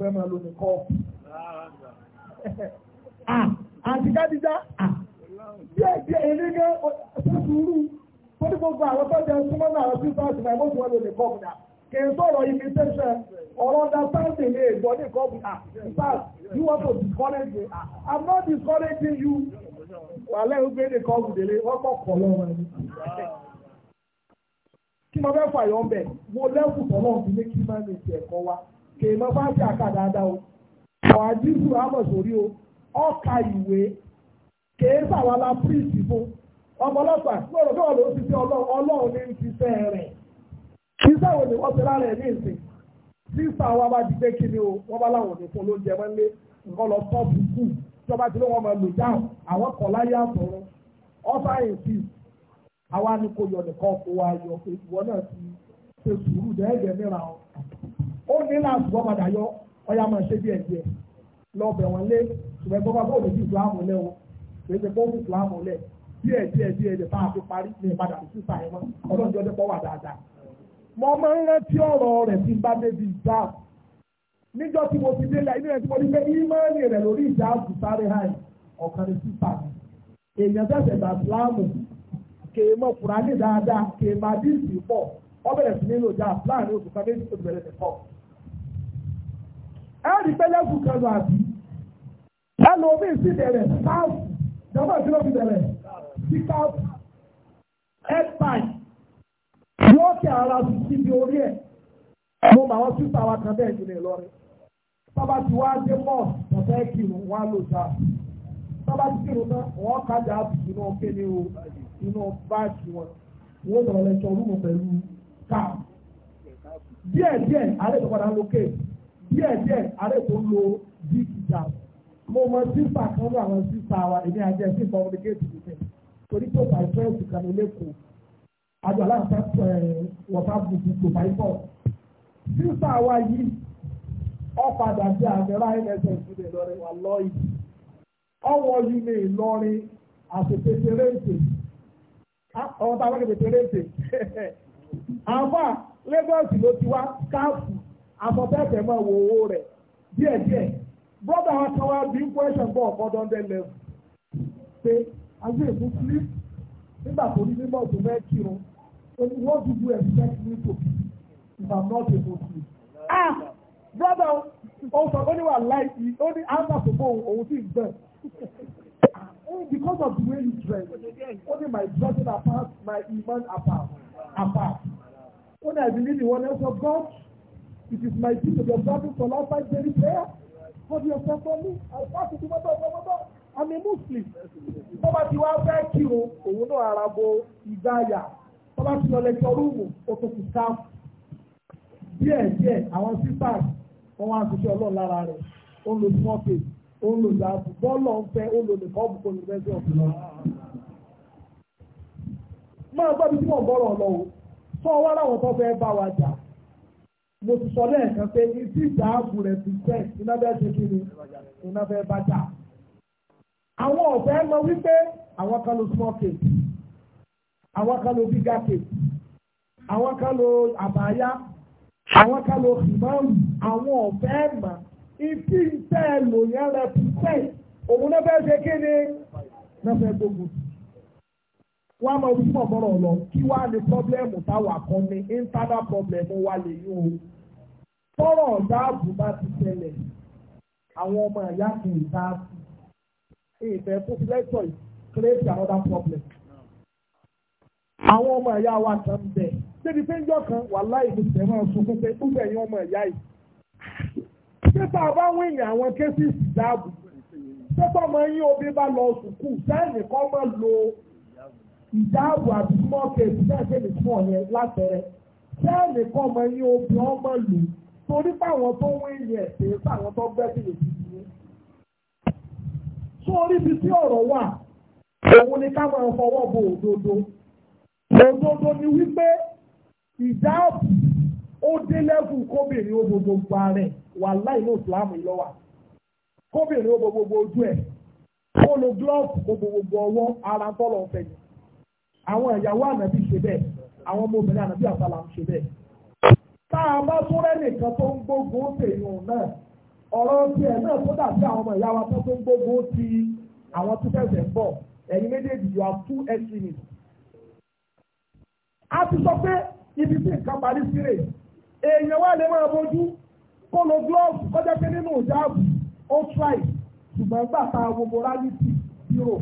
A: máa àti gbogbo àwọn tó jẹ náà sí fásitì náà or understanding a body come ah in fact you want to discourage me ah i'm not discouraging you wàhálà ìgbé ní kọ́ gùdèlé wọ́n kọ́ kọ́ lọ́wọ́ ẹni. kí mo fẹ́ mo lẹ́kùn náà ní kí máa ẹ̀kọ́ wa kì í mọ bá ṣe o ọ̀ o ọ̀ka ìwé kì í sàwọn fún tí wọ́n rọ̀ wọ́n lọ sí ọlọ́run ní ti fẹ́ rẹ̀ ni wọ́n ti sísà wa bá di pé kí ni o wọ́n bá láwọn òní fún olóúnjẹ wọn lé nǹkan lọ tọ́ bùkù ìjọba tí wọ́n máa lò já àwọn kan láyé àtọ̀run ọ́sà èsì àwa ni kò yọ nìkan kó wa yọ ìwọ náà ti ṣe sùúrù dẹ́gẹ̀ẹ́ mìíràn o ó ní láti wọ́n padà yọ ọyá máa ṣe díẹ̀ díẹ̀ lọ́ọ̀bẹ̀ wọn lé ṣùgbọ́n gbọ́dọ̀ bó lè fi ìsìlámù lẹ́ o kì í ṣe bó fi ìsìlámù lẹ́ díẹ̀ díẹ̀ díẹ̀ lè bá a fi parí ní ìpadà sí sísà ẹ̀ mọ́ ọlọ́ọ̀jọ́ dẹ́pọ̀ wà mo ọmọ ń rántí ọ̀rọ̀ rẹ̀ tí bá débi ìjáàbù níjọ́ tí mo ti délẹ̀ inú tí ní pé lórí sáré hàn ọ̀kan ní sípà èèyàn sẹ̀sẹ̀ gbà kè é mọ kùránì dáadáa kè é máa pọ̀ oṣù méjì bẹ̀rẹ̀ ẹ rí àbí ẹ lọ omi sí wọ́n tẹ ara sí bí orí ẹ̀ mo mà wọ́n sísá wa kan bẹ́ẹ̀ nílẹ̀ lọ́rẹ́ sábà tí wọ́n á dé mọ́ọ̀sì tọ́tẹ́ kírun wọ́n á lò sá sábà tí kírun náà wọ́n kájà àbùkù náà kéde o inú báàkì wọn wọ́n lọ lẹ́tọ̀ rúmù pẹ̀lú káà díẹ̀ díẹ̀ ààrẹ tó padà ń díẹ̀ díẹ̀ ààrẹ tó lo dígítà mo mọ sísá kan lọ àwọn sísá wa èmi àjẹ sí ìfọwọ́n kéèkì tó torí tó bá ìfẹ́ lẹ́kọ̀ọ́ àjọ aláǹtà wọ̀tá bùkún pòfáìpọ̀ sísá wa yìí ọ̀padà bí àmẹ́rà ẹ̀ẹ́dẹ́sẹ̀ ìdílé lọ́rẹ́ wà lọ́ọ̀yì ọwọ́ yìí lè lọ́rin àtẹ̀tẹ̀tẹ̀rẹ̀ ètè ọ̀hún tá a wákẹ́ tẹ̀tẹ̀rẹ̀ ètè [laughs] àfà Lagos ló ti wá káàfù àfọ̀tẹ́tẹ̀ mọ́ wo owó rẹ̀ díẹ̀díẹ̀ brother wa kan wá bí question bọ̀ ọ̀kọ́dọ́ ndẹ́ lẹ́wù pé àwọn èèmú fúlí nígbà tó ní mímọ́ tó fẹ́ kírun And What do you expect me to be if I'm not able to? Ah! Brother, also, oh, when you like, the only answer to go or oh, is there. [laughs] Only oh, because of the way you dress, only my dressing apart, my iman apart, apart. Only I believe in one else of God, it is my duty to be observing for last five daily prayer. For yourself for me, I pass it to my I'm a Muslim. But you are very cute. Oh no, Arabo Isaiah. tọ́ba ti lọ lẹ́kọ̀ọ́ rúùmù oṣù kù sáfù díẹ̀ díẹ̀ àwọn sísàs wọn wá ṣiṣẹ́ ọlọ́run lára rẹ̀ ó ń lo small page ó ń lo zaabu bọ́ọ̀lù ọ̀fẹ́ ó ń lo nìkan ọ̀bùkọ́ university of máa gbọ́ bí tí o sọ wá láwọn tó fẹ́ bá wa jà mo ti sọ lẹ́ẹ̀kan pé rẹ̀ ti iná àwọn kan lo bíga cape àwọn kan lo àbáyá àwọn kan lo ìmáàmù àwọn ọ̀fẹ́ ẹ̀mà ìdí ìfẹ́ lòyìn rẹ̀ pípẹ́ òun náà fẹ́ ṣe kéde náà fẹ́ gbogbo wọ́n á máa wí pọ̀ mọ́rọ̀ lọ kí wàá ní pọ́blẹ́mù táwa kan ní íńtánà pọ́blẹ́mù wa lè yún o tọ́rọ̀ ọ̀dáàbò bá ti ṣẹlẹ̀ àwọn ọmọ ìyá kì í dá ìfẹ́ fún lẹ́tọ̀ yìí create another problem àwọn ọmọ ẹ̀yà wa kan ń bẹ̀ débi pé ńjọ́ kan wà láì ní tẹ̀mọ́ sunkún pé ó bẹ̀ yín ọmọ ẹ̀yà yìí. pépà bá wọ́n èèyàn àwọn kéésì ìdáàbò pépà ọmọ yín òbí bá lọ sùkú sẹ́ẹ̀nì kan máa lo ìdáàbò àti small case sẹ́ẹ̀sì ní fún ọ̀yẹn látẹ̀rẹ̀ sẹ́ẹ̀nì kan máa yín òbí ọmọ lò torí fáwọn tó wọ́n èèyàn ẹ̀sẹ̀ fáwọn tó gbẹ́ sórí ibi tí ọ̀rọ̀ wà òun ni ká máa fọwọ́ bo òdodo òdodo ni wípé ìjáàbù ó dé lẹ́kùn kóbìnrin ó gbogbo gba rẹ̀ wà láì ní ìsìlámù ìlọ́wà kóbìnrin ó gbogbo ojú ẹ̀ ó lo glove kó gbogbo ọwọ́ ara tọ́lọ̀ ọ̀fẹ́ ni àwọn ìyàwó ànàbí ṣe bẹ́ẹ̀ àwọn ọmọ obìnrin ànàbí àfàlà ń ṣe bẹ́ẹ̀. tá a bá tún rẹ́ nìkan tó ń gbógun tèèyàn náà ọ̀rọ̀ tiẹ̀ náà tó dàbí àwọn ọmọ ìyá wa tó ń gbógun ti àwọn tó fẹ̀sẹ̀ ń bọ̀ ẹ̀yin méjèèjì you have two extremists a ti sọ pé ibi tí nǹkan parí sí rè èèyàn wà lè máa bójú kó lo glove kọjá pé nínú ìjáàbù ó try ṣùgbọ́n gbà ta wo morality zero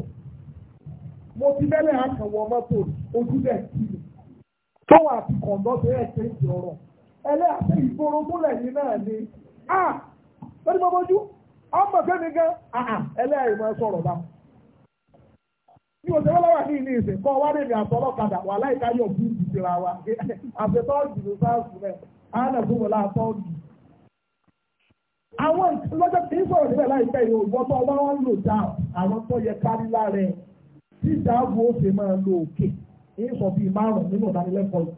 A: mo ti bẹ́lẹ̀ àkànwọ̀ mọ́tò ojú bẹ́ẹ̀ sí mi tó wà ti kọ̀ǹdọ́ tó yẹ ṣe ń di ọ̀rọ̀ ẹlẹ́ àti ìgboro tó lẹ́yìn náà ni a ah, lórí mọ́ bójú ọmọ kẹ́mi gan ah, ah, ẹlẹ́ àìmọ̀ sọ̀rọ̀ báwọn. bí o ṣe wọ́n lọ́wọ́ ní ìsìn kọ́ wáré ní wà láìka yóò wa àfẹ́tọ́ ìdìbò sáàsì rẹ̀ àánà fún wọn àwọn sọ̀rọ̀ níbẹ̀ láìpẹ́ yìí òògùn ọtọ́ ọba wọn lò dá àwọn tó yẹ kárí lára ẹ̀ tí ìdáàbò ó ṣe máa lo òkè sọ bíi márùn nínú ìdánilẹ́kọ̀ọ́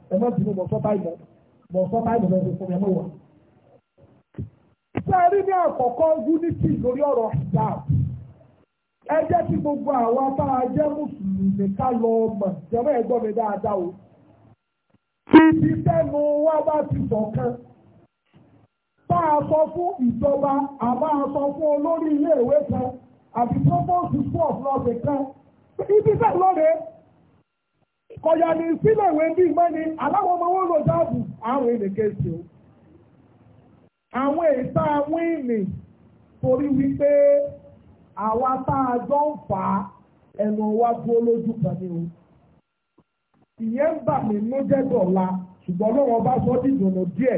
A: ẹ má ẹ jẹ́ kí gbogbo àwa tá a jẹ́ mùsùlùmí ká lọ mọ̀ jẹ́mọ́ ẹ gbọ́ mi dáadáa o. ibi tẹ́nu wá bá ti sọ̀kan tá a sọ fún ìjọba a máa sọ fún olórí iléèwé kan àti provost school of nursing kan ibi tẹ́ lóore kọ̀yà ní sílẹ̀ ìwé bí mẹ́ni aláwọ̀ ọmọ wọn lò dáàbò àwọn ènìké sí o. àwọn èyí tá a wí nì torí wípé àwa tá a jọ ń fà á ẹnu wa dúró lójú kan ni o ìyẹn ń bà mí ló jẹ́ dọ̀la ṣùgbọ́n lọ́wọ́ bá sọ dìdùnnú díẹ̀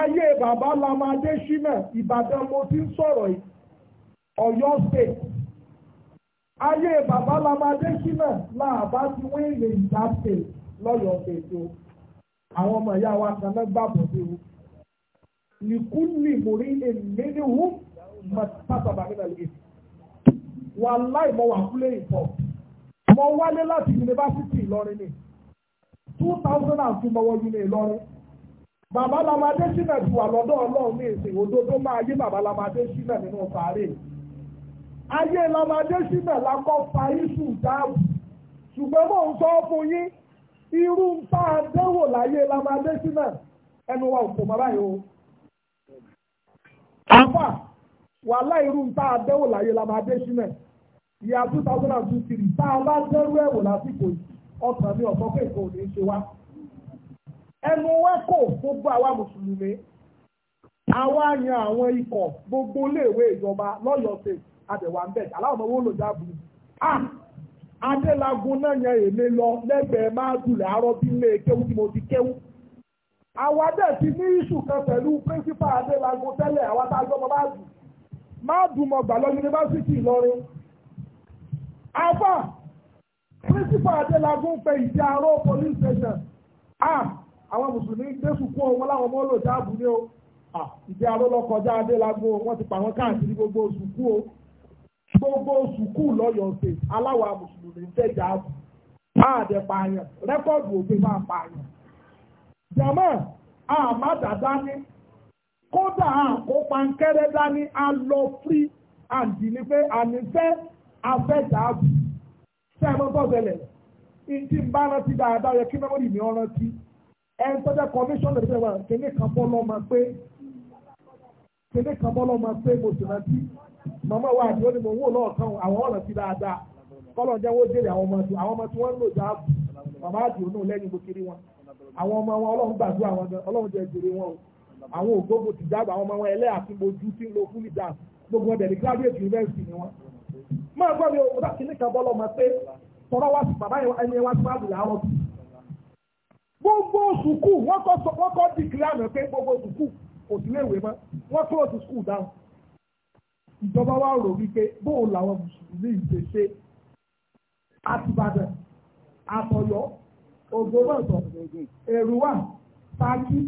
A: ayé bàbá lamadé ṣínà ìbàdàn mo ti ń sọ̀rọ̀ yìí ọ̀yọ́ state ayé bàbá lamadé ṣínà làbá ti wọ́n èrè ìdá lọ́yọ̀ state o àwọn ọmọ ìyá wa kan náà gbàgbọ́ sí o nìkú nìmórí èmi ní hùwù mọ̀tàbà nínú ẹ̀lẹ́gẹ̀. wà láì mọ̀ wà kúlé ìfọ̀. mo wálé láti yunifásitì Ìlọrin ni two thousand and two mọ̀wọ́ yunifásitì Ìlọrin. bàbá lamadé sílẹ̀ ti wà lọ́dọ̀ ọlọ́run ní ìsìn òdodo máa yé bàbá lamadé sílẹ̀ nínú sàárè. ayé lamadé sílẹ̀ lakọ́ fa iṣu dáàbò ṣùgbọ́n mò ń sọ fún yín irú ń bá a dẹ́wò láyé lamadé sílẹ̀ ẹnu wa ò kò mọ́ báyìí o wàhálà irú tá a láyé la máa dé sílẹ̀ ìyá two thousand and two three tá a bá dẹ́rú ẹ̀wò lásìkò ọkàn mi ọ̀sán pé nǹkan ò ní ṣe wá. ẹnu wẹ́kọ̀ gbogbo àwa mùsùlùmí àwa yan àwọn ikọ̀ gbogbo iléèwé ìjọba lọ́yọ̀ọ́ ṣe àdẹ̀wà ń bẹ̀ aláwọ̀ ọmọ wọn lò dáàbò ah adélagun náà yan èmi lọ lẹ́gbẹ̀ẹ́ máa dùlẹ̀ àárọ̀ bí ilé kéwú tí mo ti kéwú àwa dẹ̀ ti ní ìṣù kan pẹ̀lú pírísípà adélagun tẹ́lẹ̀ àwa tá a gbọ́ bá dùn máa dùnmọ̀ gbà lọ yunifásitì Ìlọrin afa principal Adélagún fẹ ìjà aró police station ah àwọn mùsùlùmí gbé sùkún ọmọ láwọn ọmọ lò jáàbù ní o ìjà aró lọ kọjá Adélagún wọ́n ti pa àwọn káàkiri gbogbo sùkú o gbogbo sùkú lọ́yọ̀ ṣe aláwa mùsùlùmí fẹ jáàbù àdẹ pààyàn rẹ́kọ́ọ̀dù òfin máa pààyàn jama àmàdàdá ní kódà àkópa ń kẹ́rẹ́ dání a lọ free and ní pé ṣé ẹ mọ́ tọ́sẹ̀lẹ̀ ìdí ń bá rántí dáadáa yẹ kí mẹ́mọ́rì mi ọ̀rán tí ẹ ń tọ́jà lè fẹ́ wà kéde kan bọ́ lọ́mọ pé kéde kan bọ́ lọ́mọ pé mo sì rántí màmá wa ni mo wò àwọn dáadáa kọ́lọ̀ jẹ́ wọ́n àwọn ògbógbò ti jágbà àwọn ọmọ wọn ẹlẹ́ àti mojú tí ń lo fúlì dance gbogbo ọdẹ ní graduate university ni wọn. máa gbọ́ mi ò bá kí ní kan bọ́ lọ́mọ pé tọrọ wá sí bàbá ẹni wá sí báàbù làárọ̀ tù. gbogbo sùkúù wọ́n kọ́ dìgírí àná pé gbogbo sùkúù kò sí léèwé mọ́ wọ́n close school down. ìjọba wa rò wípé bóun làwọn mùsùlùmí ìṣeṣe àtìbàdàn àtọ̀yọ́ ògbómọ̀tọ̀ èrúwà pàákí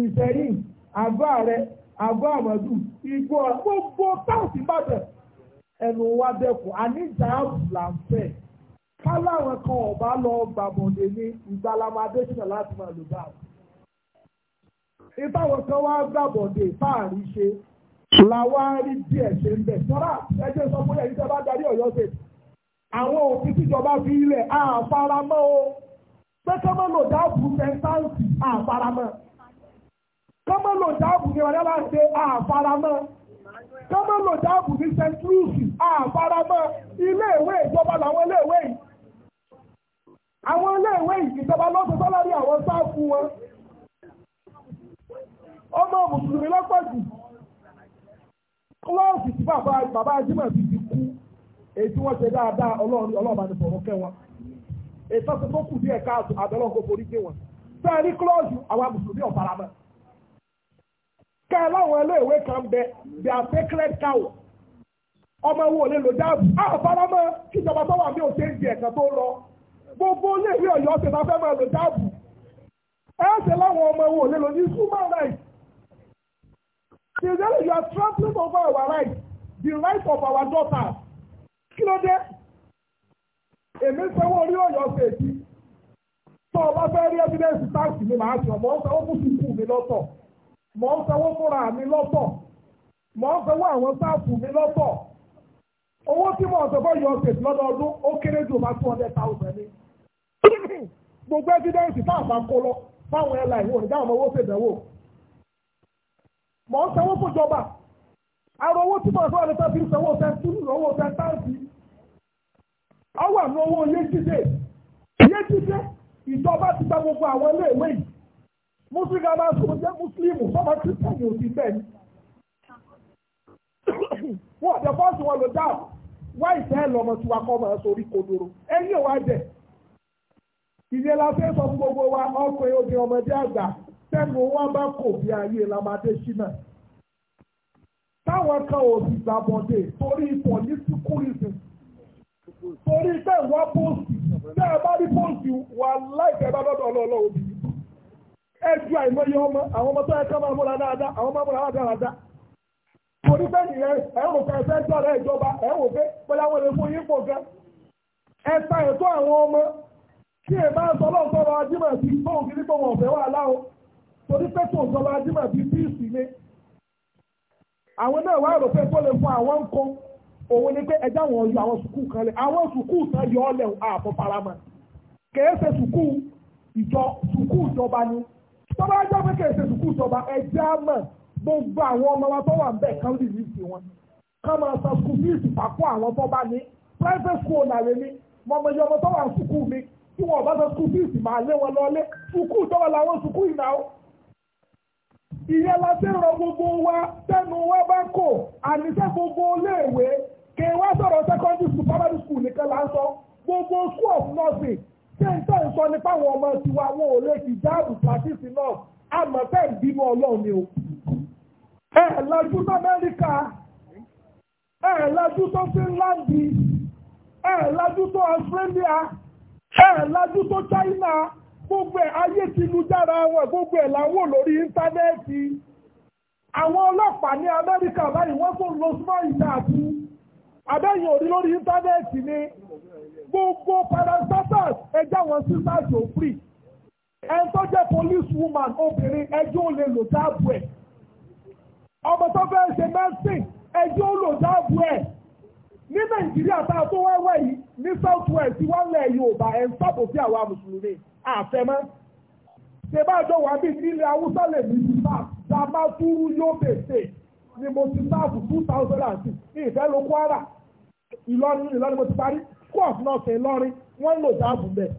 A: ìṣẹ̀yìn àgọ́ ààrẹ àgọ́ àmọ́dù igbó gbogbo táàsì bàtẹ̀ ẹnu wa dẹ́kun àníjà àbùlàǹfẹ̀ káláwọn kan ọba lọ gbàmọ̀dé ní ìgbàlámà adésínà láti máa lò báà ìbáwọn kan wá gbàmọ̀dé fáàrí ṣe làwọn rí díẹ̀ ṣe ń bẹ̀ sọ́ra ẹjẹ́ sọ fún ẹ̀yìn tí a bá darí ọ̀yọ́ ṣe àwọn òfin tíjọba fi ilẹ̀ àfaramọ́ o pẹ́kẹ́mọ́ lò dáàbò sẹ́ńtáǹsì àfaramọ́ kọ́mọ́ lò dáàbù ní ọ̀rẹ́ bá ṣe àfaramọ́ kọ́mọ́ lò dáàbù ní st lucy àfaramọ́ iléèwé ìjọba làwọn iléèwé yìí àwọn iléèwé yìí ìjọba lọ́sọ̀ sọ́lárí àwọn sáàfù wọn ọmọ mùsùlùmí lọ́pọ̀ jù kílọ́ọ̀sì tí bàbá bàbá Jímọ̀ ti ti kú èyí tí wọ́n ṣe dáadáa ọlọ́run ọlọ́ọ̀bá ni sọ̀rọ̀ kẹ́ wọn èyí tó ṣe tó kù díẹ̀ káàtó àbẹ̀lọ́ọ̀kọ́ forí gbé wọn sẹ́ẹ̀rí kílọ́ọ̀sì àwọn mùsùlùmí ọ̀faramọ́ kẹ́ ẹ láwọn kan bẹ bí a sacred cow ọmọ wo lè lò dáàbò á faramọ́ kíjọba tó wà ní òṣèǹdì ẹka tó lọ gbogbo iléèwé ọ̀yọ́ ṣe máa fẹ́ máa lò dáàbò ẹ ṣe láwọn ọmọ wo lè lò ní human rights you are trampling over our rights the rights of our daughters kí ló dé èmi sanwó orí ọ̀yọ́ ṣèjì tó o bá rí evidence tax mi màá mi m'ọ ń sanwó fúnra mi lọ́pọ̀ m'ọ ń sanwó àwọn sáàfù mi lọ́pọ̀ owó tí mo ọ̀sẹ̀ yọ lọ́dọọdún ó kéré jù bá two hundred thousand ní. [clears throat] gbogbo ẹ́fídẹ́ǹsì tá kó lọ fáwọn ẹ̀la ìwò àwọn owó ń sanwó ara owó tí mo ọ̀sẹ̀ ọwọ́ àmì owó ìjọba ti gba gbogbo àwọn mùsùlùmí àbá Muslim. jẹ́ mùsùlùmí sọ́mọ kírísítẹ́nì ò sí bẹ́ẹ̀ ni. [coughs] wọ́n àti ẹ̀fọ́ sí wọn lò dáàbò wá ìfẹ́ lọ́mọ tí wà kọ́ mọ̀ sórí kodoro ẹ̀yìn òwà jẹ̀. ìyẹn la fẹ́ sọ fún gbogbo wa ọkùnrin obìnrin ọmọdé àgbà sẹ́nu wọn bá kò bí ayé lamadé ṣínà. táwọn kan ò sì gbàbọ̀dé torí pọ̀lísíkúrìsì torí bẹ́ẹ̀ wọ́n pósì bẹ́ẹ̀ bá rí pósì wà láìpẹ́ bá lọ́dọ̀ ọlọ́ọ̀lọ́ òbí ẹjú àìmọye ọmọ àwọn ọmọ tó ẹ̀kọ́ máa múra dáadáa àwọn ọmọ múra dáadáa mo nìyẹn ẹ̀rù kan ẹ̀fẹ́ ìjọba ẹ̀wò pé pẹ̀lú àwọn èèyàn fún yín pọ̀ gan ẹ̀ta ẹ̀tọ́ àwọn ọmọ kí ẹ bá sọ lọ́wọ́ sọ́rọ̀ ajímọ̀ sí tóun kiri pé wọn wà láwọn ajímọ̀ sí píìsì fún àwọn òun ni pé yọ àwọn sùkúù kan àwọn sùkúù tán yọ ọ́ lẹ̀ paramọ̀ tó bá jẹ́ pé kèsè sùkú ìjọba ẹ̀jẹ̀ á mọ̀ gbogbo àwọn ọmọ wa tó wà ń bẹ̀ kán lè ní ìsìn wọn ká máa san sùkú fíìsì pàkó àwọn tó bá ní private school nàrè mi mọ ọmọ ìyọmọ tó wà sùkú mi tí wọn bá san sùkú fíìsì máa lé wọn lọlé sùkú ìjọba làwọn sùkú ìnà o. ìyẹn la ṣe rọ gbogbo wa tẹnu wa bá kò àníṣe gbogbo iléèwé kí wá sọ̀rọ̀ secondary school primary school nìkan là ń sọ gbogbo school of nursing ṣé n tẹ́ ń sọ ní fáwọn ọmọ tiwa wọn ò lè fi jáàbù pàṣípì náà àmọ́ tẹ́ ń bímọ ọlọ́run ni o. ẹ lọ́jú sí Amẹ́ríkà ẹ lọ́jú sí Fínláńdì ẹ lọ́jú sí Australia ẹ lọ́jú sí China gbogbo ẹ̀ ayé ti lu jára wọn gbogbo ẹ̀ làwọn lórí íńtánẹ́ẹ̀tì àwọn ọlọ́pàá ní Amẹ́ríkà báyìí wọ́n tó lo small ìdáàbò abẹ́yìn òrí lórí íńtánẹ́ẹ̀tì ni gbogbo parastatus ẹjẹ́ àwọn sisters ò free ẹni tó jẹ́ police woman obìnrin ẹjọ́ ò lè lò dáàbò ẹ̀ ọmọ tó fẹ́ ṣe mẹ́sìn ẹjọ́ ò dáàbò ẹ̀ ní nàìjíríà tá a tó wẹ́wẹ́ yìí ní south west wọ́n lẹ̀ yorùbá ẹ̀ ń sọ̀bù sí àwa mùsùlùmí àfẹ́mọ́ ṣe bá a jọ wà bí ilẹ̀ haúsá lè ní ìfà dàmátúrú yóò bèsè ni mo ti sáàfù two thousand ní ìfẹ́ ló Kwara Ìlọrin Ìlọrin mo ti parí course náà sẹ̀ Ìlọrin wọ́n lò jáàbù bẹ́ẹ̀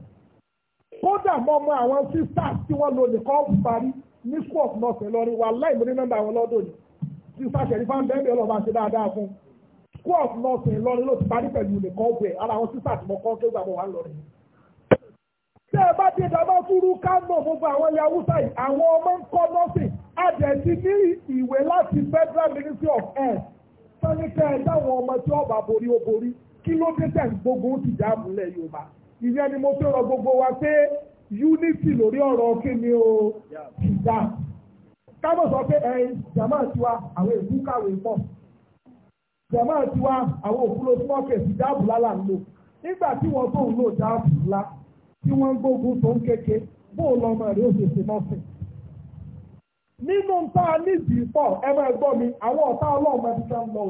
A: kódà mọ́ mọ́ àwọn sisters tí wọ́n lò nìkan ọ̀hún parí ní school of nursing lọ́rin wà láì mo ní nọ́mbà àwọn lọ́dọ̀ ni sisters ṣẹ̀rífà ń bẹ́ẹ̀ lọ́ba ṣe dáadáa fún school of nursing lọ́rin ló ti parí pẹ̀lú nìkan ọ̀gbẹ̀ ara àwọn sisters mọ̀ kan kọ́ àdẹ̀tí ní ìwé láti federal ministry of health sọ́nìkẹ́ ẹ̀ dáwọn ọmọ tí ọba borí ó borí kí ló dé tẹ̀ gbogbo ó ti já àmúlẹ̀ yorùbá ìyẹn ni mo fẹ́ rọ gbogbo wa pé unity lórí ọ̀rọ̀ kíni o ìjà kábọ̀ sọ pé ẹ̀yin jàmá tiwa àwọn èkú kàwé pọ̀ jàmá tiwa àwọn òkúlò tí wọ́n kẹ̀ sí dáàbò lálà ń lò nígbà tí wọ́n tó ń lò dáàbò ńlá tí wọ́n ń gbógun tó ń kéke bóòlù ọmọ rẹ̀ ó ṣèṣe mọ́sìn nínú tá a nídìí pọ̀ ẹ máa gbọ́ mi àwọn ọ̀tá ọlọ́run ẹbí kan lọ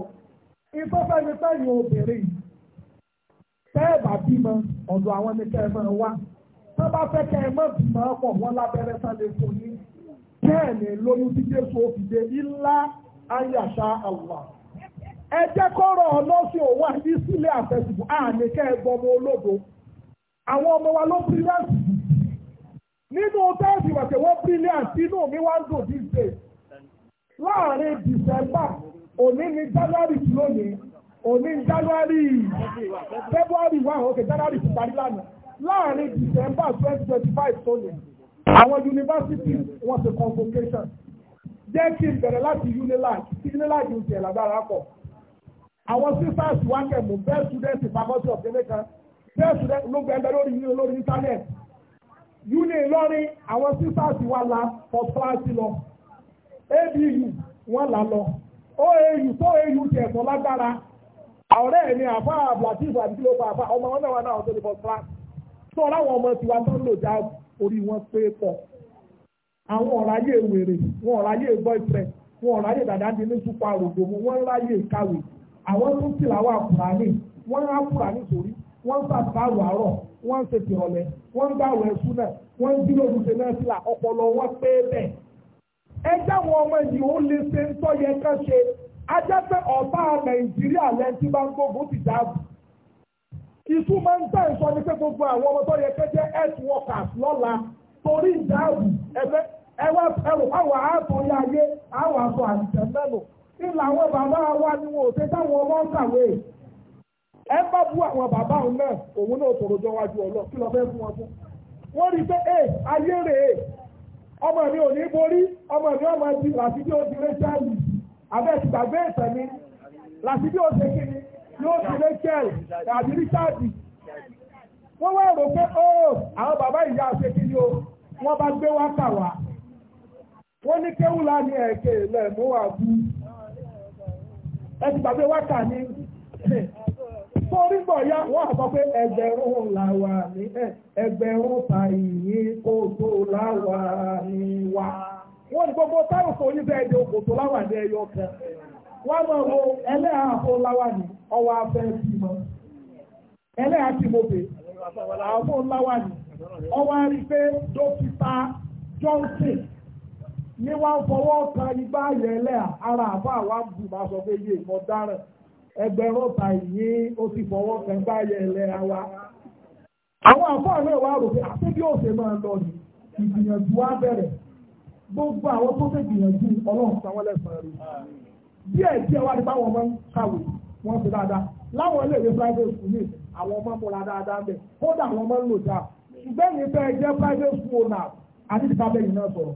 A: ìfọ́fẹ́ mi fẹ́yìn obìnrin fẹ́ẹ̀ bá bímọ ọ̀dọ̀ àwọn ẹni kẹ́ ẹ máa wá tó bá fẹ́ kẹ́ ẹ má bímọ pọ̀ wọ́n lábẹ́rẹ́ sálẹ̀ fún yín bẹ́ẹ̀ ni lóyún tí Jésù ó fi dé ilá ayàṣá Allah ẹ jẹ́ kọ́rọ̀ ọlọ́sìn òun àti sílé àfẹsùn àmì kẹ́ ẹ gbọmọ olódo àwọn ọmọ wa ló bíríyàǹsì nínú tẹ́ẹ̀sì wàtẹ̀ wọ́n brilliant inú mi wá ń dùn these days láàrin December òní ni January tí lónìí òní January February one Okay, January ti parí lánàá láàrin December twenty twenty five tó lè àwọn yunifásitì wọ́n ṣe convocation jẹ́ kí n bẹ̀rẹ̀ láti unilag tí unilag ń tẹ̀ lágbára pọ̀ àwọn sisters wákẹ̀mù best students faculty of Jamaica best students ló gbẹ̀ẹ́ lórí lórí internet uni Ìlọrin àwọn sisters wa la for class lọ abu wọn là lọ oau tó au ti ẹ̀tọ́ lágbára ọ̀rẹ́ ẹ̀ ni àfa abdulatif àdìgbòlópa àfa ọmọ wọn náà wà náà ọ̀tọ́ ní for france tó láwọn ọmọ tiwa tó ń lò já orí wọn pé pọ̀ àwọn ọ̀ráyè wèrè wọn ọ̀ráyè boyfriend wọn ọ̀ráyè dàdá di ní súpà rògbòmù wọn ráyè kàwé àwọn tó ń tìlà wà kùránì wọn á kùránì sórí wọn ń sàtàrù àárọ̀ wọ́n ń ṣètì ọ̀lẹ́ wọ́n ń gbàwọ̀ ẹ̀sù náà wọ́n ń dúró olùṣe náà sílà ọpọlọ wọn pé bẹ́ẹ̀. ẹ jáwọn ọmọ yìí ó lè ṣe ń tọ́ yẹ ká ṣe ajá pé nàìjíríà lẹ́yìn tí bá ń gbógun ti máa ń tẹ̀ sọ ní pé gbogbo àwọn ọmọ tó yẹ jẹ́ health workers lọ́la torí àwọn ayé àwọn ẹ bá bú àwọn bàbá òun náà òun náà tọrọ jọ wájú ọlọ́ọ̀ kí lọ fẹ́ fún wọn fún wọ́n rí pé ẹ ayé rèé ọmọ mi ò ní borí ọmọ mi ọmọ ti làtí bí ó ti lé jáàlì abẹ́ gbàgbé ìtàn mi làtí bí ó ṣe kí ni yóò ti lé jẹ́ẹ̀lì tàbí ríṣáàdì wọ́n wá rò pé ó oh, àwọn bàbá ìyá ṣe kí ni o wọ́n bá gbé wá kà wá wọ́n ní kéwùlá ní ẹ̀kẹ́ lẹ̀ mú wà bú ẹ ti gbàgbé wá kà ní sórí bọ̀ ya wọ́n àpọ̀ pé ẹgbẹ̀rún làwà ní ẹgbẹ̀rún ta ìyìn kò tó láwà ní wa wọ́n ní gbogbo táwọn sọ oníbẹ̀ èdè kò tó láwà ní ẹyọ wọ́n mọ̀ wo ẹlẹ́yà àpò láwà ní ọwọ́ afẹ́ bímọ ẹlẹ́yà tí mo bè àpò láwà ní ọwọ́ arí pé dókítà Johnson ní wọ́n fọwọ́ ara àbá ẹgbẹ̀rún ọ̀tà yìí ó ti fọwọ́ kan báyẹ̀ ẹlẹ́ra wa. Àwọn àfáà náà wá rò pé àti bí ó ṣe máa lọ ní ìgbìyànjú wa bẹ̀rẹ̀. Gbogbo àwọn tó ṣe gbìyànjú ọlọ́run sáwọn lẹ́sàn-án rẹ̀. Díẹ̀ díẹ̀ wá ní báwọn ọmọ ń kàwé wọ́n ṣe dáadáa. Láwọn iléèwé private school ní àwọn ọmọ múra dáadáa ń bẹ̀. Kódà àwọn ọmọ ń lò dáa. Ṣùgbẹ́ni bẹ́ẹ̀ jẹ́ private school náà àti ìtàbẹ̀yìn náà sọ̀rọ̀.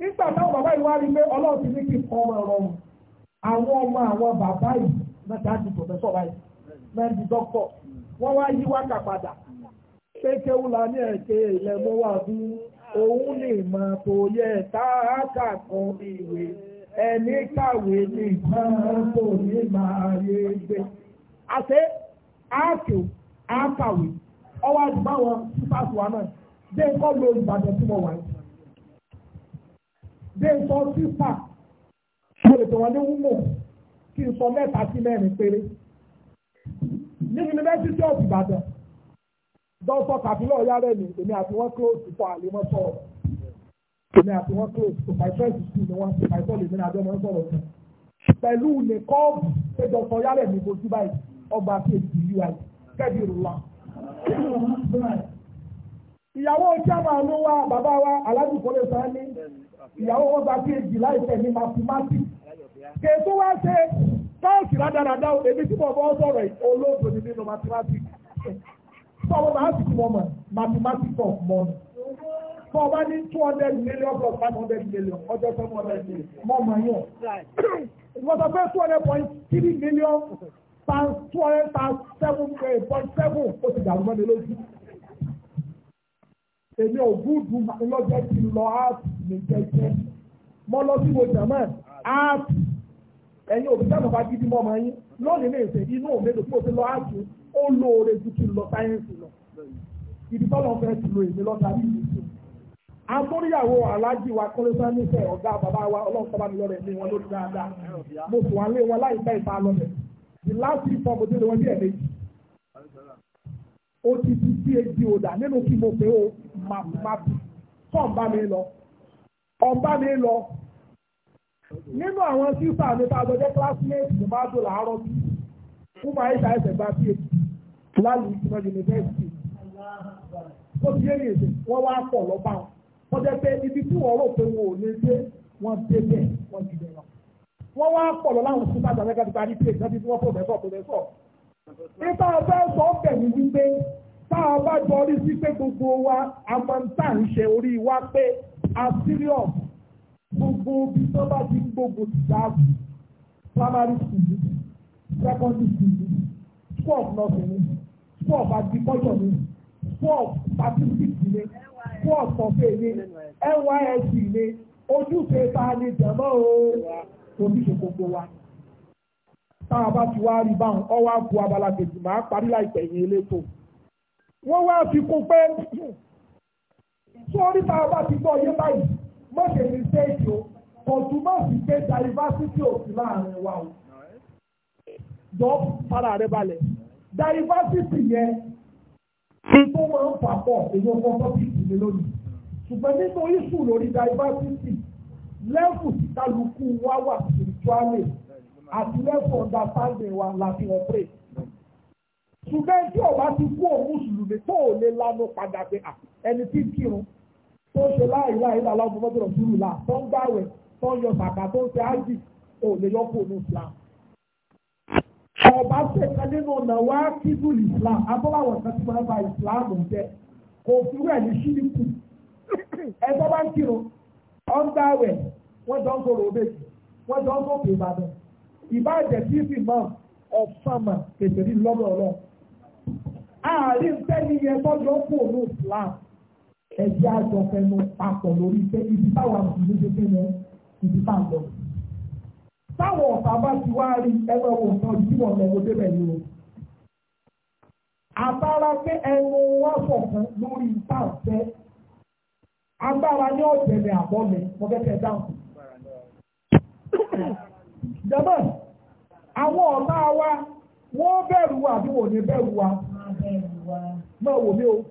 A: nígbà táwọn bàbá yìí wá rí pé ọlọ́run ti ní kí n kọ́ ọmọ ẹ̀rọ wọn àwọn ọmọ àwọn bàbá yìí náà ti á di pòfẹ́sọ̀ báyìí náà di dókítọ̀ wọ́n wá yí wákà padà kéèké wúlà ní ẹ̀kẹ́ ilẹ̀ mọ́ wà bí òun lè mọ̀ tó yẹ táàkà kan ìwé ẹni kàwé ní ìpínlẹ̀ tó ní máa yé gbé. àṣé àákè àákàwé ọwọ́ àdìbáwọn sípàtì wa náà dé kọ́ lo Ìbàdàn tí mo wà yìí dé sọ sísà ṣe ètò wọn ní wúmọ̀ kí n sọ mẹ́ta sí mẹ́rin péré ní yunifásitì ọ̀f ìbàdàn dọ́sọ̀ kàfílọ̀ ọ̀yá rẹ̀ ni èmi àti wọn close fún àlèmọ́ sọ̀rọ̀ èmi àti wọn close to my first school ni wọn my college mi àjọ mọ́ sọ̀rọ̀ kan pẹ̀lú ní kọ́ọ̀bù péjọsọ yálẹ̀ ní bojú báyìí ọgbà tí èsì yìí wáyé kẹ́bí rúlá. ìyàwó chairman ló wá bàbá wa alájùkọ́lé sàn ní ìyàwó wọn gba phd láìpẹ́ ní mathematics kèso wá ṣe tọ́ọ̀sì rádaràdá èmi tí mo bọ́ sọ̀rọ̀ olóògbé mi nínú mathematics sọ̀rọ̀ máa sì kí mo mọ̀ mathematics of money fún ọba ní two hundred million plus five hundred million ọjọ́ seven hundred million mọ̀ mọ̀ yẹn wọ́n sọ pé two hundred point three million times two hundred times seven eh, point seven ó ti dàrú mọ́ni lójú èmi ò gúdù lọ́jọ́ tí lọ áàpù mi jẹ́jẹ́ mọ́ lọ sí wo german áàpù ẹ̀yin òbí sáà bá gidi mọ́ ọmọ yín lónìí ní ìsìn inú òmèdò tí mo ti lọ áàpù ó lóore ju kí n lọ sáyẹ́ǹsì lọ ibi tọ́lọ́ fẹ́ ti lo èmi lọ́ta bí mi sùn. amóríyàwó aláàjì wa kọ́lé sáà nífẹ̀ẹ́ ọ̀gá bàbá wa ọlọ́run sábà mi lọ́rẹ̀ ní wọn lórí dáadáa mo sì wá lé wọn láìpẹ́ ìta lọ́rẹ̀ the last three four mo ti lè wọn bí ẹ̀ méjì ó ti ti map map tó ń bá mi lọ ọ̀ ń bá mi lọ nínú àwọn sísà mi tá a jọ jẹ́ classmate ní bá dùn láàárọ̀ bí fún máa ṣe àìsàn gba phd lálù ìtumọ̀ yunifásitì tó ti yé ní èdè wọ́n wá pọ̀ lọ́ba wọn wọ́n jẹ́ pé ibi tí wọ́n rò pé wọn ò lè dé wọ́n dé bẹ́ẹ̀ wọ́n ti bẹ̀rẹ̀ wọ́n wá pọ̀ lọ láwọn sísà àgbàlagbà nípa ní pé ìjọba tí wọ́n pọ̀ mẹ́fọ̀ pọ̀ mẹ́fọ̀ nípa ọ̀fẹ́ sọ ọ́ bẹ̀ mí wípé tá a bá jọrí sí pé gbogbo wa a máa ń tà ń ṣe orí wa pé a serious gbogbo ibi tó bá ti ń gbogbo ìdáàbò primary school secondary school school of nursing school of agriculture ni school of statistics ni school of survey ni NYSC ni ojúṣe ta ni jẹ̀mọ́ o ojúṣe gbogbo wa tá a bá ti wá rí báwọn ọwọ́ àpò abala kejì máa parí láìpẹ́ yín elétò wọ́n wá fi kún pé sórí tá a bá ti gbọ́ yé báyìí má ṣe ní sẹ́ẹ̀kì o kò túmọ̀ sí pé dàìfásitì ò sí láàrin wa o jọ para rẹ balẹ̀ dàìfásitì yẹn tó máa ń fà pọ̀ èyí ọkọ̀ tọ́pìtì mi lónìí ṣùgbọ́n nítorí sùn lórí dàìfásitì lẹ́fù kálukú wá wà spiritually àti lẹ́fù understanding wa la fi hàn ṣùgbọ́n tí ọba ti kú òun mùsùlùmí tó ò lè lanu padà pé ah, ẹni tí kírun tó ṣe láìláì lálá ọmọ mọ́tò lọ́sùrù là tó ń gbàwẹ̀ tó ń yọ bàbá tó ń ṣe ájì ò lè yọ kó ní Islam. ọba ṣe kan nínú ọ̀nà wá kíndùn Islam abọ́láwọ̀ kan ti máa ń ba Islam jẹ kò fi wẹ̀ ní ṣílíkù ẹgbẹ́ bá ń kírun ọ̀ ń gbàwẹ̀ wọ́n jọ ń sọ̀rọ̀ òbèjì wọ́n jọ ń sọ̀rọ̀ Ìbàdàn Ìbàdàn tí ì àárín tẹ́lẹ̀ yẹn tọ́jọ́ kù ní Islam ẹ̀jẹ̀ àjọpẹ̀nu papọ̀ lórí pé ibi táwa mùsùlùmí ṣe pé yẹn ibi tá à ń lọ. táwọn ọ̀tá bá ti wá rí ẹgbẹ́ wọn kan tí wọ́n lọ wọ́n débẹ̀ yìí o. àtàrà pé ẹnu wọn fọ̀kan lórí ìtàfẹ́ agbára ní ọ̀tẹ̀lẹ̀ àbọ̀lẹ̀ mọ́kẹ́kẹ́ dáhùn. jẹ́mọ̀ àwọn ọ̀tá wa wọ́n bẹ̀rù wa bí ní bẹ̀rù wa náà wò mí o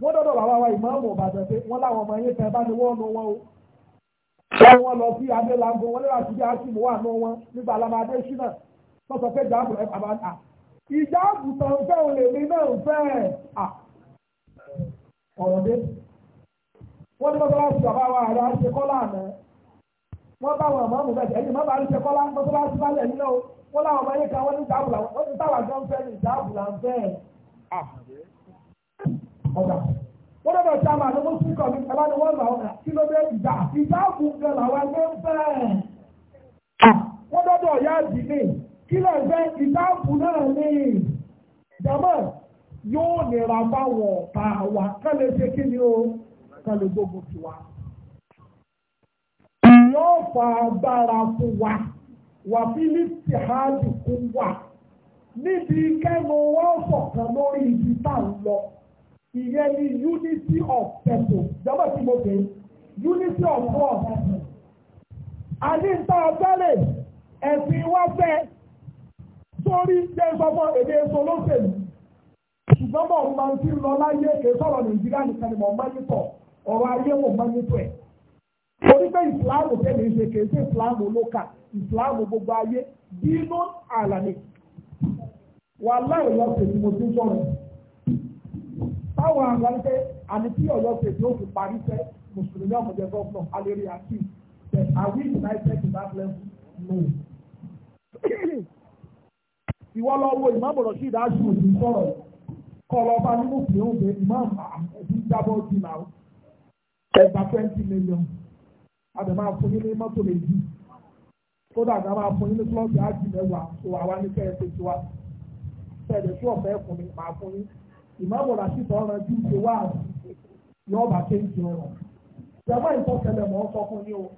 A: wọ́n dọ́dọ̀ bàbá wa ìmọ̀ọ́mù Ìbàdàn pé wọ́n láwọn ọmọ yẹn tẹ́ bá ní wọ́n nu wọn o wọ́n wọ́n lọ sí adélango wọ́n lè láti bí asimu wà nù wọn nígbà alamade ṣínà wọ́n sọ pé jáàbù ẹ̀ bàbá à ìjà àbùtàn fẹ́ òun lè ní náà fẹ́ à ọ̀rọ̀ dé wọ́n ní bọ́sọ̀ láti bàbá wa àrẹ àṣekọ́lá àná wọ́n bá wọn àmọ́ àmọ́ bẹ́ẹ̀ ẹ̀yìn mọ́ba àrùsẹ̀ kọ́lá ń bá sí bá lẹ́yìn náà wọ́n ọmọ yẹn kan wọ́n ní tábùlà wọ́n ní táwà gan fẹ́ ní tábùlà ń fẹ́ ah. ọ̀dà wọ́n dọ̀dọ̀ sí àmà àdókò sí kọ̀ọ̀mí ẹ̀bá ni wọ́n làwọn kí ló dé ìjà ìjáàbù gan làwọn ẹgbẹ́ ń fẹ́ ah. wọ́n dọ̀dọ̀ yá jì ní kí lè fẹ́ ìjáàbù náà ní ìjàmọ́ yóò nira báwọn ọ̀tá wa kán ṣe kí ni ó kán lè tiwa. yóò fa agbára fún wa wà fílípì háàdì fún wa níbi kẹ́nu wọ́n sọ̀kan lórí ibi tá lọ ìyẹn ni unity of people jọba tí mo unity of world àní ń ẹ̀sìn wá fẹ́ sórí ṣe èdè èso lóṣèlú ṣùgbọ́n bọ̀ ń lọ láyé Nàìjíríà nìkan ni onígbẹ́ ìsìláàmù tẹ́lẹ̀ ń ṣe kì í ṣe ìsìláàmù lókà ìsìláàmù gbogbo ayé dínú àlàní wà láì lọ sí ni mo ti ń sọ̀rọ̀ táwọn àgbàlẹ́fẹ́ àní tí ọ̀yọ́ ṣe tí ó fi parí fẹ́ mùsùlùmí ọ̀mọ̀jẹ gọ́ọ̀nà alérí àti ṣe àwí united to that level no. ìwọ lọ wo ìmáàmù rọ̀ sí ìdájú òsì sọ̀rọ̀ kọ́ lọ bá nínú fìhùn pé ìmáàmù àti ìjábọ̀ ti million àbẹ̀ máa fún yín ní mọ́tò lè yí kódà ká máa fún yín ní klọ́ọ̀sì ájì mẹ́wàá tó àwa ní kẹ́ ẹ ṣe tiwa tẹ̀lé tí ọ̀fẹ́ ẹ̀kùn mi máa fún yín ìmọ̀wò làṣì tó ọ̀ràn bí ṣe wá yọ ọba kéńtì ọ̀rọ̀ ìjọba ìtọ́sẹ̀lẹ̀ mọ́ sọ fún yín o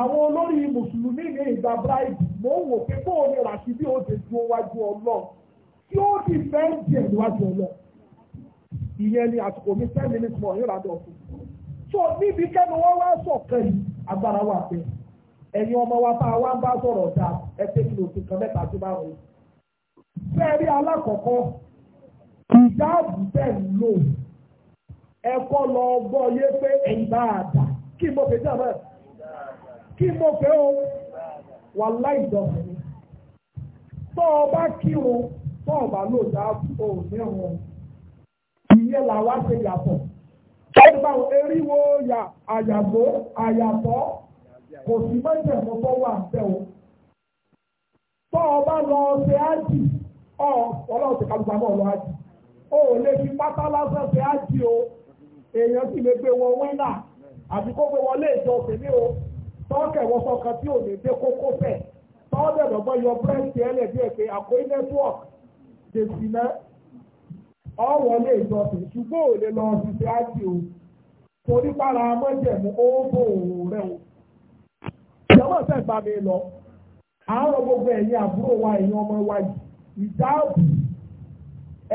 A: àwọn olórí mùsùlùmí ní ìgbà bribe mò ń wò pé bóun ni làṣì bí ó ṣe dúró wájú ọlọ́ọ̀ tí ó ti fẹ́ ń jẹ̀ níwájú ọlọ́ọ̀ ìyẹn ni àsìkò mi ten minutes more yóò so níbi kẹ́nu wọ́n wá sọ̀kan yìí agbára wà ọmọ wa bá wa ń bá sọ̀rọ̀ dáa ẹ pé kí lóòtú kan mẹ́ta tó bá wọn. alákọ̀ọ́kọ́ ìdáàbò bẹ́ẹ̀ ń lò ẹ̀kọ́ lọ kí mo fẹ́ kí mo fẹ́ o wà láì ni tọ́ ọ bá tọ́ ọ bá lò dáàbò ní ọ̀hún ìyẹn Ẹgbà eríwo ya àyàgbó àyàbọ̀ kò sí mọ́jẹ̀mọ́ tó wà bẹ́ o. Tọ́ ọ bá lọ ṣe ájì ọ ọlọ́run ti kálukú àbọ̀ lọ ájì. O ò lè fi pátá lásán ṣe ájì o. Èèyàn sì lè gbé wọn wínà àti kó gbé wọn lé ìjọ òṣèlú o. Tọ́kẹ̀ wọ sọ̀kan tí ò lè dé kókó fẹ̀. Tọ́ọ̀dẹ̀ lọ́gbọ́n yọ bírẹ́ǹtì ẹlẹ́díẹ̀ pé àkóyí nẹ́tíwọ̀kì dèsì náà ọ̀wọ́ lè jọsìn ṣùgbọ́n ò lè lọ ṣiṣẹ́ ájì o torí para mọ́jẹ̀mú ó bò òun rẹ̀ o. ìjọba ṣẹ̀ gbà mí lọ àárọ̀ gbogbo ẹ̀yin àbúrò wa ẹ̀yin ọmọ wa yìí ìdáàbò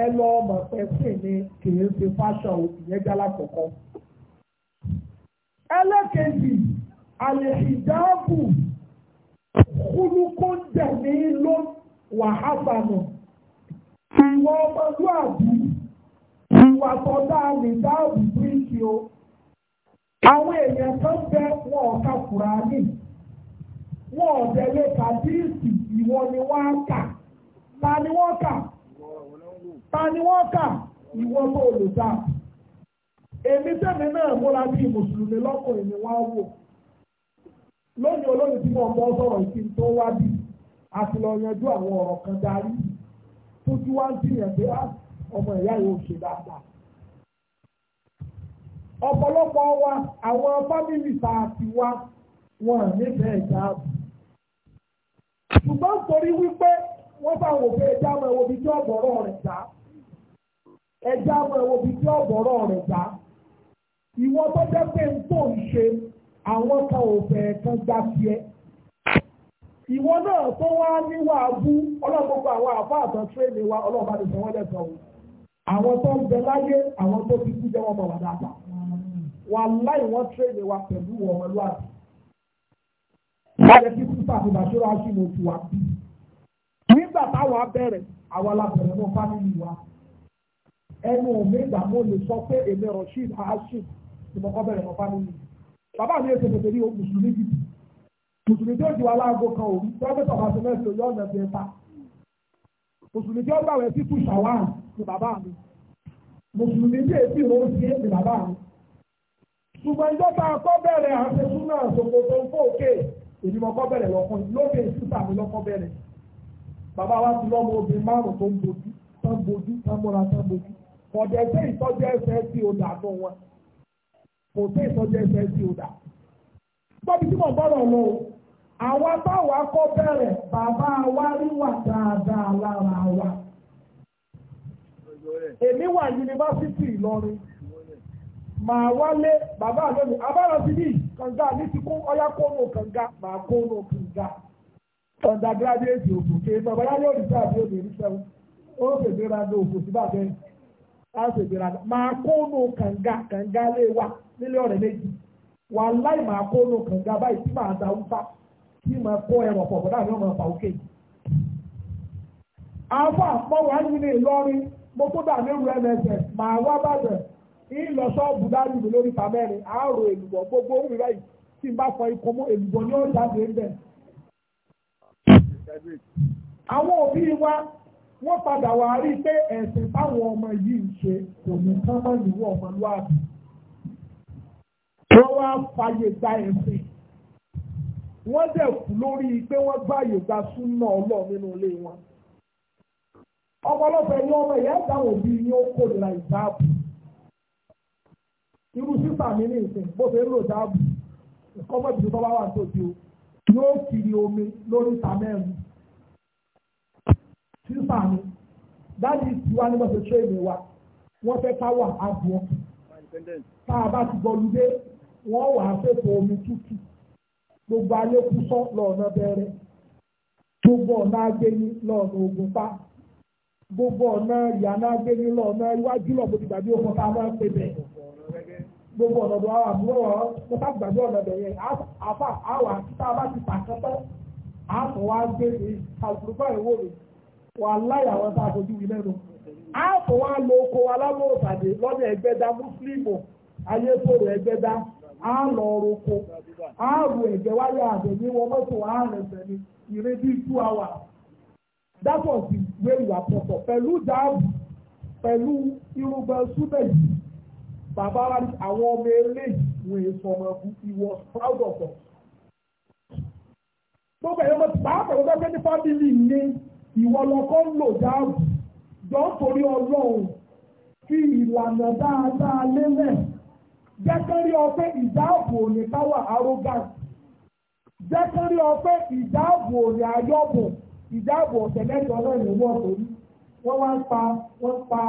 A: ẹ lọ ọmọ pẹ́ sí ni kì í ṣe fáṣọ ìyẹn jálá kọ̀ọ̀kan. ẹlẹ́kẹ̀jì àlè ìdáàbò kúlùkùn dẹ̀ ní ló wàhálà nù. ìwọ ọmọlúwàbí ìwà sọdá lè dá òbí bíríkì o àwọn èèyàn kan bẹ wọn ọ̀ka kùránì wọn ọ̀dẹ̀ lè kà díìsì ìwọ ni wọ́n á kà ta ni wọ́n kà ta ni wọ́n kà ìwọ tó lè dá èmi tẹ̀mí náà múra bíi mùsùlùmí lọ́kùnrin ni wọ́n á wò lónìí olóyìn tí mo mọ sọ̀rọ̀ ìsìn tó wá bì àti lọ yanjú àwọn ọ̀rọ̀ kan darí tó ti wá ń tìyàn pé á ọmọ ìyá yóò ṣe dáadáa. ọ̀pọ̀lọpọ̀ wa àwọn fámìlì tá a ti wá wọn nífẹ̀ẹ́ ìjáàbù. ṣùgbọ́n torí wípé wọ́n bá wò pé ẹja máa wo ibi tí ọ̀bọ̀rọ̀ rẹ̀ dá ẹja máa wo ibi tí ọ̀bọ̀rọ̀ rẹ̀ dá ìwọ tó jẹ́ pé ń tó ń ṣe àwọn kan ò fẹ̀ẹ́ kan gbá tiẹ̀ ìwọ náà tó wá níwà abú ọlọ́gbogbo àwọn àfáàtàn tírẹ́ẹ̀nì wa ọlọ́ọ̀bá ti sanwó lẹ́sàn-án àwọn tó ń bẹ láyé àwọn tó ti kú jẹ́ wọn bọ̀ wá dáadáa wà láì wọ́n tírèdè wa pẹ̀lú wọn pẹ̀lú àti. Báyọ̀ tí Kúta àti Bàṣírò Aṣínú ti wà bí. Nígbà táwọn abẹ́rẹ̀ àwọn alábẹ̀rẹ̀ náà fámìlì wa. Ẹnu mi ìgbà mo lè sọ pé èmi Rasheed Aṣín ti mọ kọ́ bẹ̀rẹ̀ mọ́ fámìlì. Bàbá mi ètò tètè ní o Mùsùlùmí gidi. Mùsùlùmí tó di wa láago kan òru, tọ́gbẹ́sọ̀ bá ti mẹ́sì òyọ́ ọ̀nà ti ẹ̀ta mùsùlùmí tí ó gbàwẹ̀ sí kù ṣàwá ni bàbá mi mùsùlùmí tí èsì rọ́ọ̀sì ni bàbá mi ṣùgbọ́n ìjọ bá kọ́ bẹ̀rẹ̀ àfẹ́sùn náà ṣòkòtò ń fòkè èmi mọ kọ́ bẹ̀rẹ̀ lọ́kọ́ lóde ìsúta mi lọ́kọ́ bẹ̀rẹ̀ bàbá wa ti lọ́mọ obìnrin márùn tó ń bojú tán bojú tán múra tán bojú kọ̀dẹ̀ sí ìtọ́jú ẹsẹ̀ tí o dà tó wọn kò sí ìtọ́jú ẹsẹ̀ tí o dà. gbọ́dọ̀ tí mo bá lọ lọ àwa táwa kọ́ bẹ̀rẹ̀ bàbá wa ríwà dáadáa lára wa. èmi wà yunifásitì Ìlọrin màá wálé bàbá abára ní kànga ní ti kó ọyá kónú kànga màá kànga bàbá yálé òrìṣà àbí òbí ríṣẹ́ ó ra ní òkú sí bàbá yẹn á ṣègbéra màá kónú kànga kànga lé wa nílé ọ̀rẹ́ méjì wà láì màá kànga báyìí tí màá da ń tí máa kó ẹrọ pọ̀ bọ́dá mi ò máa fà ókè yìí. àwọn àpọ̀wọ̀ ayé ní Ìlọrin mo tó dà nírú NSS màá wá bàjẹ́ ìlọ ṣọ́ọ̀bù dájú mi lórí ta àárò èlùbọ̀ gbogbo òun rẹ̀ tí n bá fọ ikọ̀ mọ́ èlùbọ̀ ni ó jáde ń bẹ̀. àwọn òbí wa wọ́n padà wà rí i pé ẹ̀sìn táwọn ọmọ yìí ń ṣe kò ní kán mọ́ ìwọ ọmọlúwàbí. wọ́n wá fàyè gba ẹ̀sìn wọ́n dẹ̀ kú lórí pé wọ́n gbààyè gba súnà ọlọ́ọ̀ nínú ilé wọn. ọ̀pọ̀lọpọ̀ ẹ̀yin ọmọ ìyá ìdáhùn òbí ni ó kò nira ìdáàbò. irú sísà mi ní ìsìn bó ṣe ń lò dáàbò ẹ̀kọ́ mọ́ ìbùsùn tó bá wà tó di o yóò kiri omi lórí ìta mẹ́rin. sísà mi dáàbò ìtiwá ni wọ́n ṣe tó èmi wa wọ́n fẹ́ ká wà á bọ̀. tá a bá ti bọ̀ lùdé wọ́n wà á fẹ́ fọ omi tútù. gbogbo ayé kú sọ bẹ̀rẹ̀ gbogbo ọ̀nà agbẹ́ni lọ́ọ̀nà ogun gbogbo ọ̀nà ìyànà agbẹ́ni lọ́ọ̀nà iwájú lọ́ọ̀bù ti gbàgbé ọkọ̀ ká máa ń pè bẹ̀ gbogbo ọ̀nà tó wà mú ọ̀rọ̀ mo bá gbàgbé ọ̀nà bẹ̀rẹ̀ àfà àwà bá ti pàṣẹpẹ́ e. wà tá a fojú mi lẹ́nu wá lo oko alámọ̀ òsàdé á lọ roko á ru ẹ̀jẹ̀ wáyà àbẹ̀mí wọ mọ́tò á rẹ̀ sẹ́ni ìrètí two hours that was the way we are pọ̀pọ̀ pẹ̀lú dáàbù pẹ̀lú irúgbọ́n súnmẹ̀ yìí bàbá wa ní àwọn ọmọ eléyìí wọ́n èso ọmọ ẹ̀kú he was proud of us. gbogbo ẹ̀yọ́ pàápàá lọ́dọ́ pé ní fábílì ní ìwọ lọ́kọ́ ń lò dáàbù jọ ń torí ọlọ́run fi ìlànà dáadáa lélẹ̀ jẹ́kẹ́rí ọpẹ́ ìdáàbò òní táwà arrogant jẹ́kẹ́rí ọpẹ́ ìdáàbò òní ayọ́bùn ìdáàbò ọ̀sẹ̀ mẹ́jọ náà ní owó ọ̀tọ̀rí wọ́n wá ń pa wọ́n pa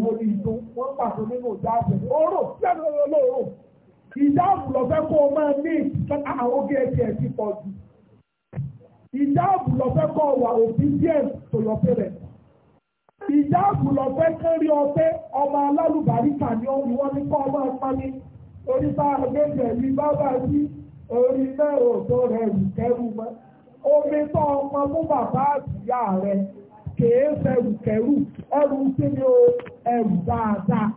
A: ní ìtò wọ́n pàṣẹ nínú ìdáàbò ìdáàbò kó o máa ní àwọn oge ẹ̀jẹ̀ pọ̀ jù ìdáàbò wà ìdáàbò kẹ́rí ọmọ alálùbáríkà ni wọ́n ní kọ́ ọmọ ní orí bá agbẹ́jẹ̀ ní bá sí orí náà tó rẹ̀ rù mọ́ omi tó ọmọ mú bàbá àtìyá rẹ̀ kèé fẹ̀rù kẹrù ẹrù sí ni o ẹrù dáadáa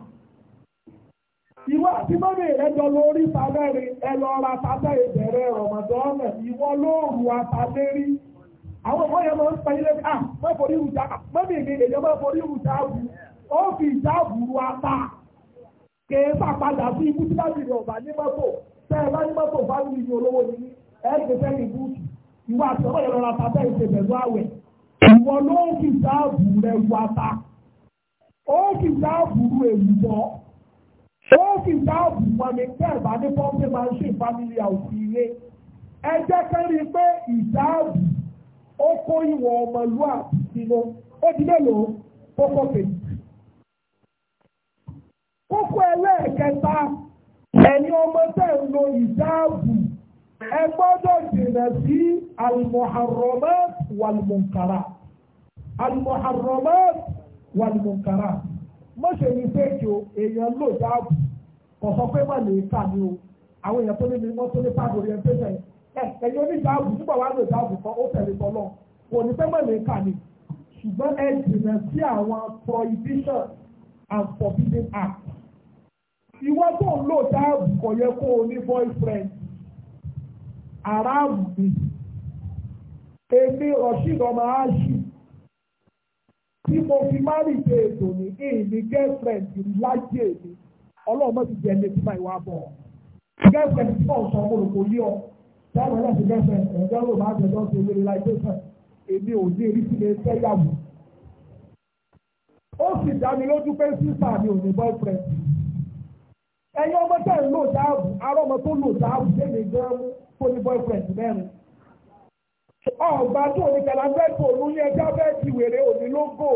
A: ìwọ àti mọ́mí rẹ̀ lórí sábẹ́rin ẹ lọ ra ìbẹ̀rẹ̀ àwọn ọmọ yẹn máa ń pẹ́ ilé ká mọ́ ìrùjà èèyàn máa ìrùjà kéèfà padà sí ibú tí láti rẹ̀ ọ̀bà ní mọ́tò tẹ́ ẹ bá ní mọ́tò bá ní ìyẹn olówó ni ní ẹ̀ẹ́dẹ̀ fẹ́mi búùtù ìwọ àtọ́wọ́ ẹ̀rọ ata bẹ́ẹ̀ ṣe pẹ̀lú àwẹ̀ ìwọ ló ń fi sáàbù rẹ̀ wọ ata ó fi sáàbù èlù bọ́ ó fi sáàbù mọ́mi tẹ́ ẹ̀ bá ní pọ́ńpé máa ń ṣe ìfamìlì àwùjọ ilé ẹ jẹ́ kẹ́rí pé ìsáàbù ó kó ìwọ ọmọlúwà sínú ó ti mélòó kókó kejì kókó ẹlẹ́ẹ̀kẹta ẹ̀yin ọmọ tẹ̀ ń lo ìdáàbò ẹ gbọ́dọ̀ jìnnà sí almuharramat walmunkara almuharramat walmunkara má ṣe ní péjì o èèyàn lò dáàbò kò sọ pé má lè kà ní o àwọn èèyàn tó ní ní wọ́n tó ní pàdé orientation ẹ̀ ẹ̀yin onídàábò nígbà wà lò dáàbò kan ó tẹ̀lé tọ́lọ́ kò ní pẹ́ má lè kà ní ṣùgbọ́n ẹ jìnnà sí àwọn prohibition and forbidden acts ìwọ tó ń lò táàbù kò yẹ kó o ní boyfriend aráàbù mi èmi Rasheed ọmọ aṣù tí mo fi márì dé ètò ní èmi girlfriend láyé mi ọlọ́run mọ́ ti jẹ ẹni tí máa wá bọ̀ girlfriend tí wọ́n sọ mo rò kò yí ọ táwọn náà ti girlfriend ẹ̀jẹ̀ ló máa jẹjọ́ ṣe wéré láì tó sàn èmi ò ní èrí sílé fẹ́yàwó ó sì dá mi lójú pé sísà mi ò ní boyfriend ẹ̀yin ọmọ tẹ̀ ń lò dáàbò ará ọmọ tó lò dáàbò léde gan mú tó ní boyfriend mẹ́rin. ọ̀gbà tó ní kẹlẹ́fẹ́tò olóyún ẹja bẹ́ẹ̀ ti wèrè òní lógò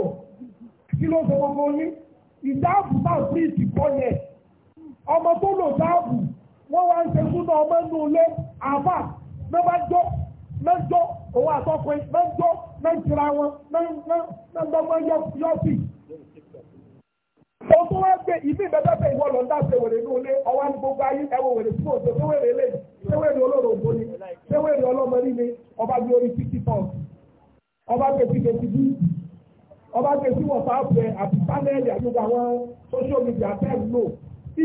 A: kí ló ṣe gbogbo yín ìdáàbò náà fún ìdìbò yẹn ọmọ tó lò dáàbò wọ́n wá ń ṣe súnà ọmọ inú ilé àbá mẹ́bàjọ́ mẹ́jọ́ òun àtọkùnrin mẹ́jọ́ mẹ́jìra wọn mẹ́gbọ́gbọ́ yọ́ọ̀fì o tó wá gbé ìbí ìbẹ́tẹ́fẹ́ ìwọ lọ dá ṣe wèrè ní ilé ọwá ní gbogbo ayé ẹwọ wèrè tí òṣè tó wèrè lè ṣé wèrè olóró òbó ni ṣé wèrè ọlọ́mọ líle ọba gbé orí fifty pounds ọba gbé sí gbèsè bí ọba gbé sí wọ̀sáàpù ẹ̀ àti pánẹ́ẹ̀lì àgbègbè àwọn social media tẹ́ẹ̀ lò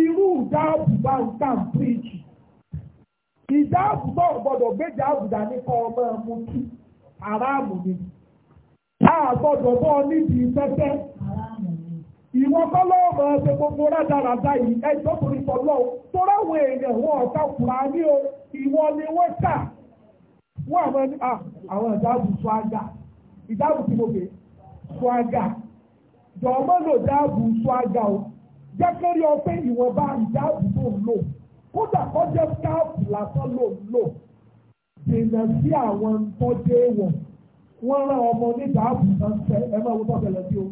A: irú ìdáàbò bá ń tàn píríkì ìdáàbò náà gbọ́dọ̀ gbéjà àbùdá nípa ọmọ ẹ̀mú kí aráàmù ni a gbọ́dọ̀ bọ́ nídìí pẹ́pẹ́ ìwọ kọ́lọ́ ọmọ ọ̀sẹ̀ gbogbo rádaràdá yìí ẹjọ́ torí tọ́lọ́ tọ́lá àwọn èèyàn wọn ọ̀tá Kùránì o ìwọ ni wọ́n tà wọ́n àwọn ẹni ah, àwọn ìdáàbò swaga ìdáàbò tí mo bè swaga jọ̀ọ́mọ́ lò dáàbò swaga o jẹ́ kẹ́rí ọpẹ́ ìwọ̀nba ìdáàbò tó ń lò kódà kọjá skáàpù lásán ló ń lò dènà sí àwọn tọ́jú èèwọ̀ wọ́n rán ọmọ onídàábò náà fẹ́ ẹ máa wọ́n tọ́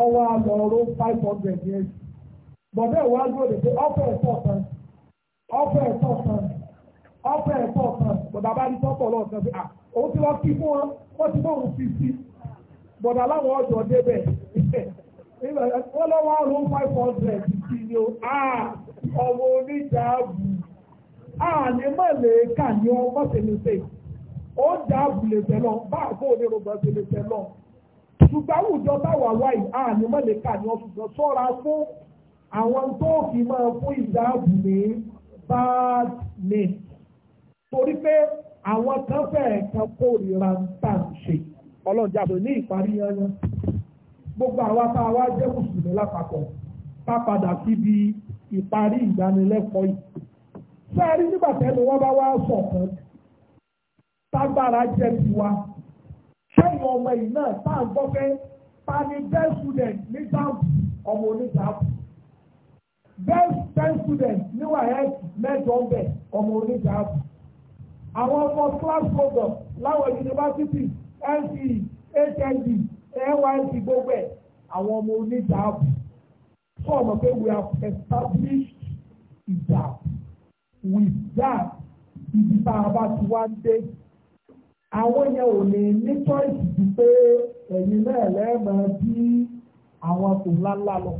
A: ọwọ́ àlọ́rọ́ five hundred years bọ̀dọ̀ ìwà gbọ́dọ̀ pé ọ̀fẹ́ ẹ̀tọ́ kan ọ̀fẹ́ ẹ̀tọ́ kan ọ̀fẹ́ ẹ̀tọ́ kan bọ̀dọ̀ bá ní tọ́pọ̀ lọ́wọ́ kan pé à ah, òun ti lọ kí fún wọn wọ́n ti bóun fi sí aláwọ̀ ọjọ́ débẹ̀ [laughs] wọ́n lọ́wọ́ five hundred ti ni o ah, ọmọ ah, lè lọ bá ṣùgbọ́n àwùjọ táwà wáyé àmì mọ́lẹ́ka ni wọ́n ṣùgbọ́n sọ́ra fún àwọn tó fi máa fún ìdáàbò ní bad name torí pé àwọn kan fẹ́ẹ̀ kan kórìíra ń tà ń ṣe ọlọ́jàbọ̀ ní ìparí yanyan gbogbo àwa tá a wá jẹ́ mùsùlùmí lápapọ̀ tá padà síbi ìparí ìdánilẹ́kọ̀ọ́ yìí sẹ́ẹ̀rí nígbà tẹ́nu wọ́n bá wá sọ̀kan tágbára jẹ́ tiwa fún ọmọ yìí náà tá à ń gbọ́ pé ta ni best student ní jamb ọmọ oníjàmb best best student ní wàhálà mẹ́jọ ń bẹ ọmọ oníjàmb àwọn ọmọ class program láwọn yunifásitì nce hnd nysc gbogbo ẹ̀ àwọn ọmọ oníjàmb fún ọmọ pé we have established ìjà with that ibi tá a bá ti wá ń dé àwọn yẹn ò ní ní choice ju pé ẹ̀yin náà lẹ́ẹ̀mọ́ bí àwọn kò ńláńlá lọ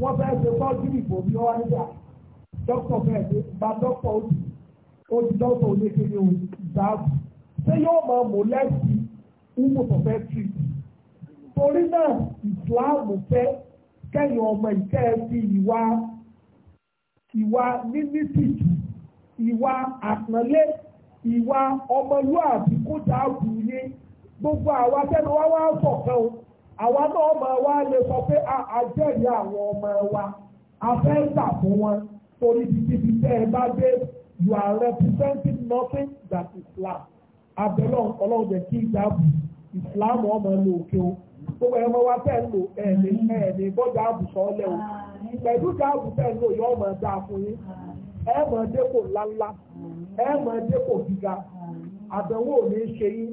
A: wọ́n fẹ́ ṣe tọ́jú ìbò bí wọ́n nígbà dókítà fẹ́ẹ̀ ṣe gba dókítà ó di ó di dókítà oníkèké ò dáàbò ṣé yóò máa mọ̀ lẹ́sì ìmọ̀ tó fẹ́ tì torí náà ìsìláàmù fẹ́ kẹ́yìn ọmọ ìkẹ́ fi ìwà ìwà nínísìtì ìwà àpọ́nlé ìwà ọmọlúàbí kó dáàbò yé gbogbo àwa tẹ́nu wá wá sọ̀kan o àwa náà máa wá lè sọ pé àjẹ́rìí àwọn ọmọ wa a fẹ́ gbà fún wọn torí títí tẹ́ ẹ bá dé you are representing nothing that Islam abẹ́lọ́ ọlọ́run jẹ́ kí ìdáàbò Islam ọmọ ẹ̀ lò òkè o gbogbo ẹ̀mọ́ wa tẹ́ ń lò ẹ̀ẹ́dẹ̀ ẹ̀ẹ́dẹ̀ bọ́jà àbùsọ̀ ọlẹ́ o pẹ̀lú ìdáàbò tẹ́ ń lò yọ ọmọ ẹ̀dá fún yín ẹ̀ẹ́mọ̀ dépò ńláńlá ẹ mọ̀ ẹ́ dépò gíga àbẹ̀wò ò ní ṣe yín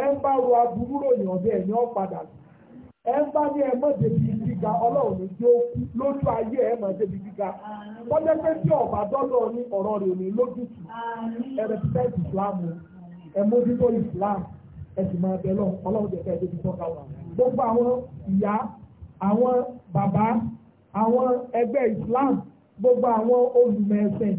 A: ẹ ń bá ro aburú ròyìn ọ̀dẹ ẹ̀yìn ọ̀padà ẹ ń bá ní ẹmọ débi gíga ọlọ́run ní tí ó kú lójú ayé ẹmọ débi gíga kọjá pé tí ọba dọ́lọ́ ní ọ̀rọ̀ rẹ̀ ní lójútù ẹ̀rẹ̀ títẹ́ ìsìláàmù ẹ̀mójútó ìsìláàmù ẹ̀sìn máa bẹ̀ lọ ọlọ́run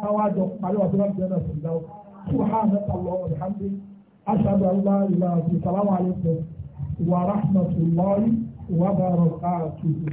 A: káwá jọ parí ọ̀sẹ̀ láti jẹ́ náà sílá o subhanahu allah alhamdu ashhadu an la ilaha illa salamu alaykum wa rahmatullahi wa barakatuhu.